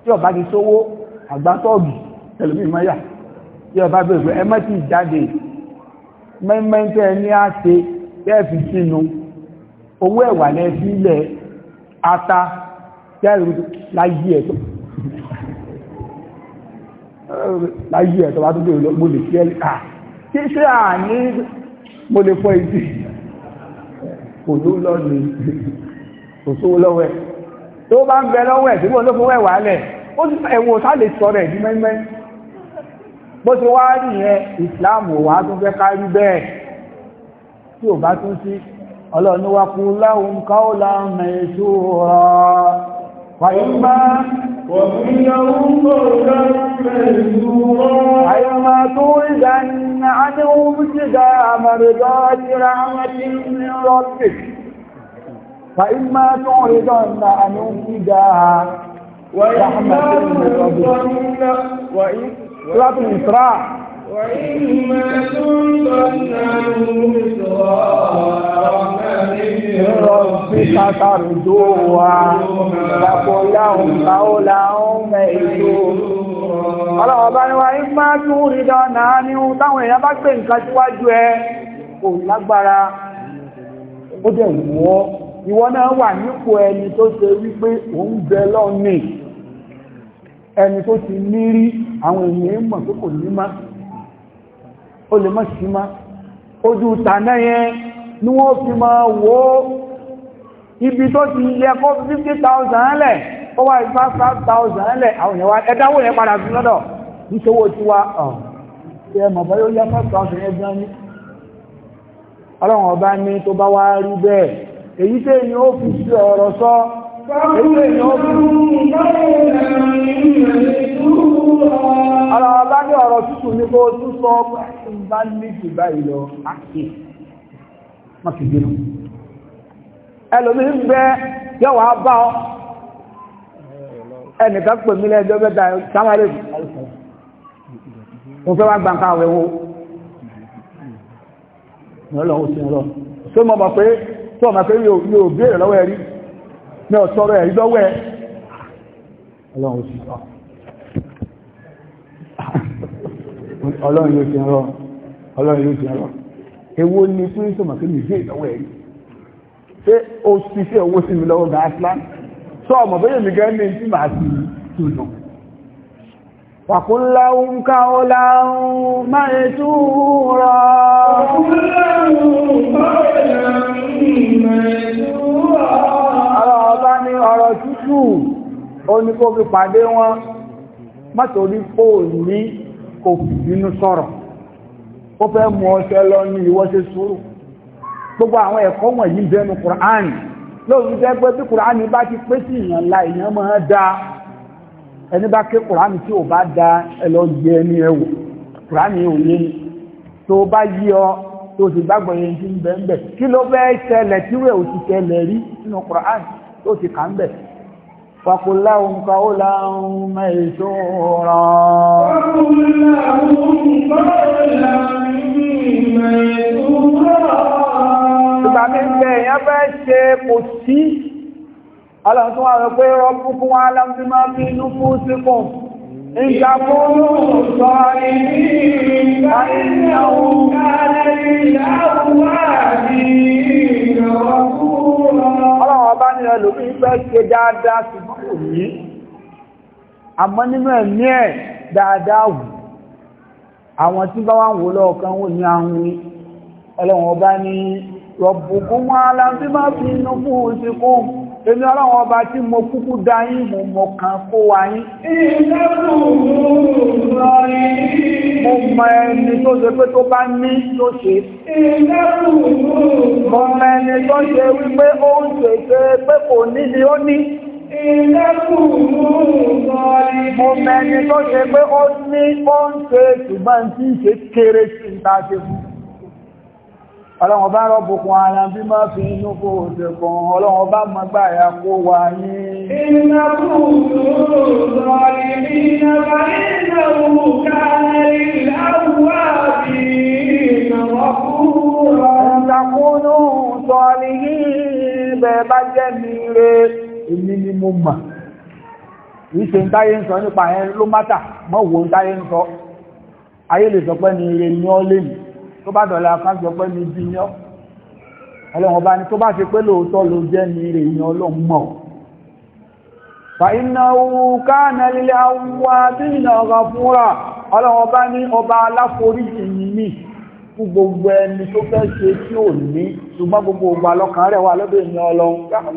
Speaker 1: tí ọba ti sówó àgbátọ́ọ̀gì ẹlòmíì máa yà tí ọba bẹ̀rẹ̀ ẹ má ti jáde mẹ́mẹ́ntẹ́ ní á ṣe tẹ́ẹ̀fì sínú owó ẹ̀wà lẹ́ẹ̀fì ilẹ̀ ata tẹ́ẹ̀rù láyé ẹ̀tọ́ láyé ẹ̀tọ́ wá tó bèèrè lọ́gbọ́n lè fi ẹ́ kí ṣe à ní mo lè fọ ìdí kò ló lọ́nu kò sówó lọ́wọ́ ẹ̀ tó bá ń bẹ lọ́wọ́ ẹ̀ tí wọ́n ló fowó ẹ̀ wà lẹ̀ ó sì ẹ̀wọ̀n sá lè sọ̀rọ̀ ẹ̀dí mẹ́mẹ́ bó ti wá nìyẹn ìsìláàmù wà tún fẹ́ kárí bẹ́ẹ̀ tí ò bá tún sí ọlọ́ni wa kú láhùn káọ́lá mẹ́ṣú rọ fàyímá wọ̀n ní ọ̀hún
Speaker 2: kọ̀ọ̀lá mẹ́ṣú rọ fàyímá tó ń dání
Speaker 1: عنه مجدى مرضات رحمة من ربك فإما تعرضن عنه ابتداء رحمة من ربك
Speaker 2: وإن سورة الإسراء وإما تعرضن ربك
Speaker 1: ترجوها فقل لهم قولا
Speaker 2: ọlọ́ọ̀bá ni
Speaker 1: wọ́n ipá tí táwọn èèyàn bá gbé nǹkan síwájú ẹ kò lágbára ó dẹ̀ wọ́ ìwọ náà wà nípò ẹni tó ṣe wípé òun bẹ ẹni tó ti nírí àwọn èèyàn mọ̀ tó kò ní má ó lè sí má ni ibi tó ti yẹ 50,000 fifty thousand lẹ̀ ó wá ìfá five thousand lẹ̀ àwọn èèyàn wa ẹ̀dáwó yẹn padà sí lọ́dọ̀ níṣòwò tiwa ṣe mọ̀ yẹ five thousand ọlọ́run ọba tó bá wá rí bẹ́ẹ̀
Speaker 2: èyí ó fi sí ọ̀rọ̀ sọ èyí ó fi ọ̀rọ̀
Speaker 1: ọba ní ọ̀rọ̀ tún sọ bá ní ìgbà ẹlòmí ń bẹ yọ wàá bá ọ ẹnìkan pè mí lẹ́jọ́ mẹ́ta sáwárẹ̀ mo fẹ́ wá gba nǹkan àwẹ̀ wo lọ́lọ́wọ́ sí ọlọ́ tó mọ́ mọ̀ pé tó mọ̀ pé yóò béèrè lọ́wọ́ ẹ̀rí ní ọ̀tọ́rọ ẹ̀rí lọ́wọ́ ẹ̀ ọlọ́run sí ọlọ́run yóò ti ọlọ́run yóò ti ọlọ́run ewo ni fún ìsọ̀mọ̀ pé mi béèrè ẹ̀rí pé ó ti fẹ́ owó sí mi lọ́wọ́ gáàsìlá sọ ọmọ bẹ́yẹ̀ mi gẹ́ ní tí màá sí tó lọ wàkúnlá ń ká ó láhún máa ètò rọ ọ̀rọ̀ ọba ní ọ̀rọ̀ tútù ó ní kó fi pàdé wọn mọ́tòrí kó ní kò fi bínú ó fẹ́ mú ọṣẹ lọ ní ìwọ́ṣe sùúrù gbogbo àwọn ẹ̀kọ́ wọ̀nyí bẹnu kùránì lóòrùn jẹ́ pé bí kùránì bá ti pé sí ìyàn la èèyàn máa da ẹni bá ké kùránì tí ò bá da ẹlọ yẹ ẹni ẹwò kùránì ò yé tó bá yí ọ tó sì gbàgbọ́ yẹn ti ń bẹ ń bẹ kí ló fẹ́ ṣẹlẹ̀ tí rẹ̀ ò ti ṣẹlẹ̀ rí nínú kùránì tó ti kà ń bẹ فَقُلْ قَوْلًا
Speaker 2: مَيْسُورًا فَقُلْ لَهُمْ قَوْلًا مَيْسُورًا ìgbà mi ń bẹ èèyàn fẹ́ ṣe
Speaker 1: kò sí ọlọ́run tó wà rẹ̀ pé rọ́bùkún wa láti máa fi inú kú
Speaker 2: síkùn ìjàmúrú sọ ìní ìgbàlẹ́yàwó kálẹ́yàwó àti ìrọ̀kúrọ̀
Speaker 1: ọlọ́run ọba ní ẹlòmí fẹ́ ṣe dáadáa ṣùgbọ́n kò ní àmọ́ nínú ẹ̀mí ẹ̀ dáadáa wù àwọn tí bá wà ń wò lọ́ọ̀kan wò ní ahun ọlọ́run ọba ní rọ̀bùkún wọn aláàbí má fi inú mú òsìnkún èmi ọlọ́run ọba tí mo kúkú dá yín mú mọ̀ kàn kó wa yín mo mo mọ tó ṣe pé ó ní ó ń ṣe ṣùgbọ́n tí ṣe kéré sí ìta ọlọ́run bá rọ́bùkún ara bí máa fi inú kó òṣè kan ọlọ́run bá mọ́ gbà ya kó wà ní iná Èmi ni mo mà, ìṣe ń táyé ń sọ nípa ẹ ló mátà, mọ́ wo ń sọ, ayé lè sọ pé ni ire ní ọ́ tó bá dọ̀la kájọ pé mi bí yán ọlọ́run bá ní tó bá ṣe pé lóòótọ́ ló jẹ́ ní rè yan ọlọ́run mọ̀ fa innahu kana lil awwabina ghafura ọlọ́run bá ní ọba aláforíjì yìí fún gbogbo ẹni tó fẹ́ ṣe tí ò ní ṣùgbọ́n gbogbo ọgbà lọ́kàn rẹ̀ wà lọ́dọ̀ èèyàn ọlọ́run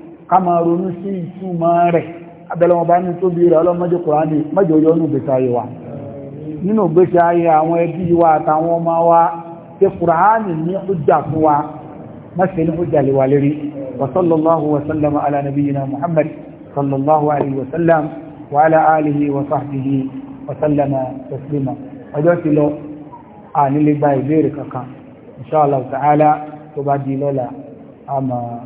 Speaker 1: ká máa ronú sí ìtumọ̀ rẹ̀ abẹ́lẹ́wọ̀n bá ní tóbi rẹ̀ ọlọ́mọdé kùránì mẹ́jọ yọ nù gbèsè ayé wa nínú gbèsè ayé àwọn ẹbí wa àtàwọn ọmọ wa ṣe kùránì ní ọjà fún wa mẹ́sẹ̀ ní ọjà lè wà lérí wasallallahu wasallam ala nabiyyina muhammad sallallahu alaihi wasallam wa ala alihi wa sahbihi wasallama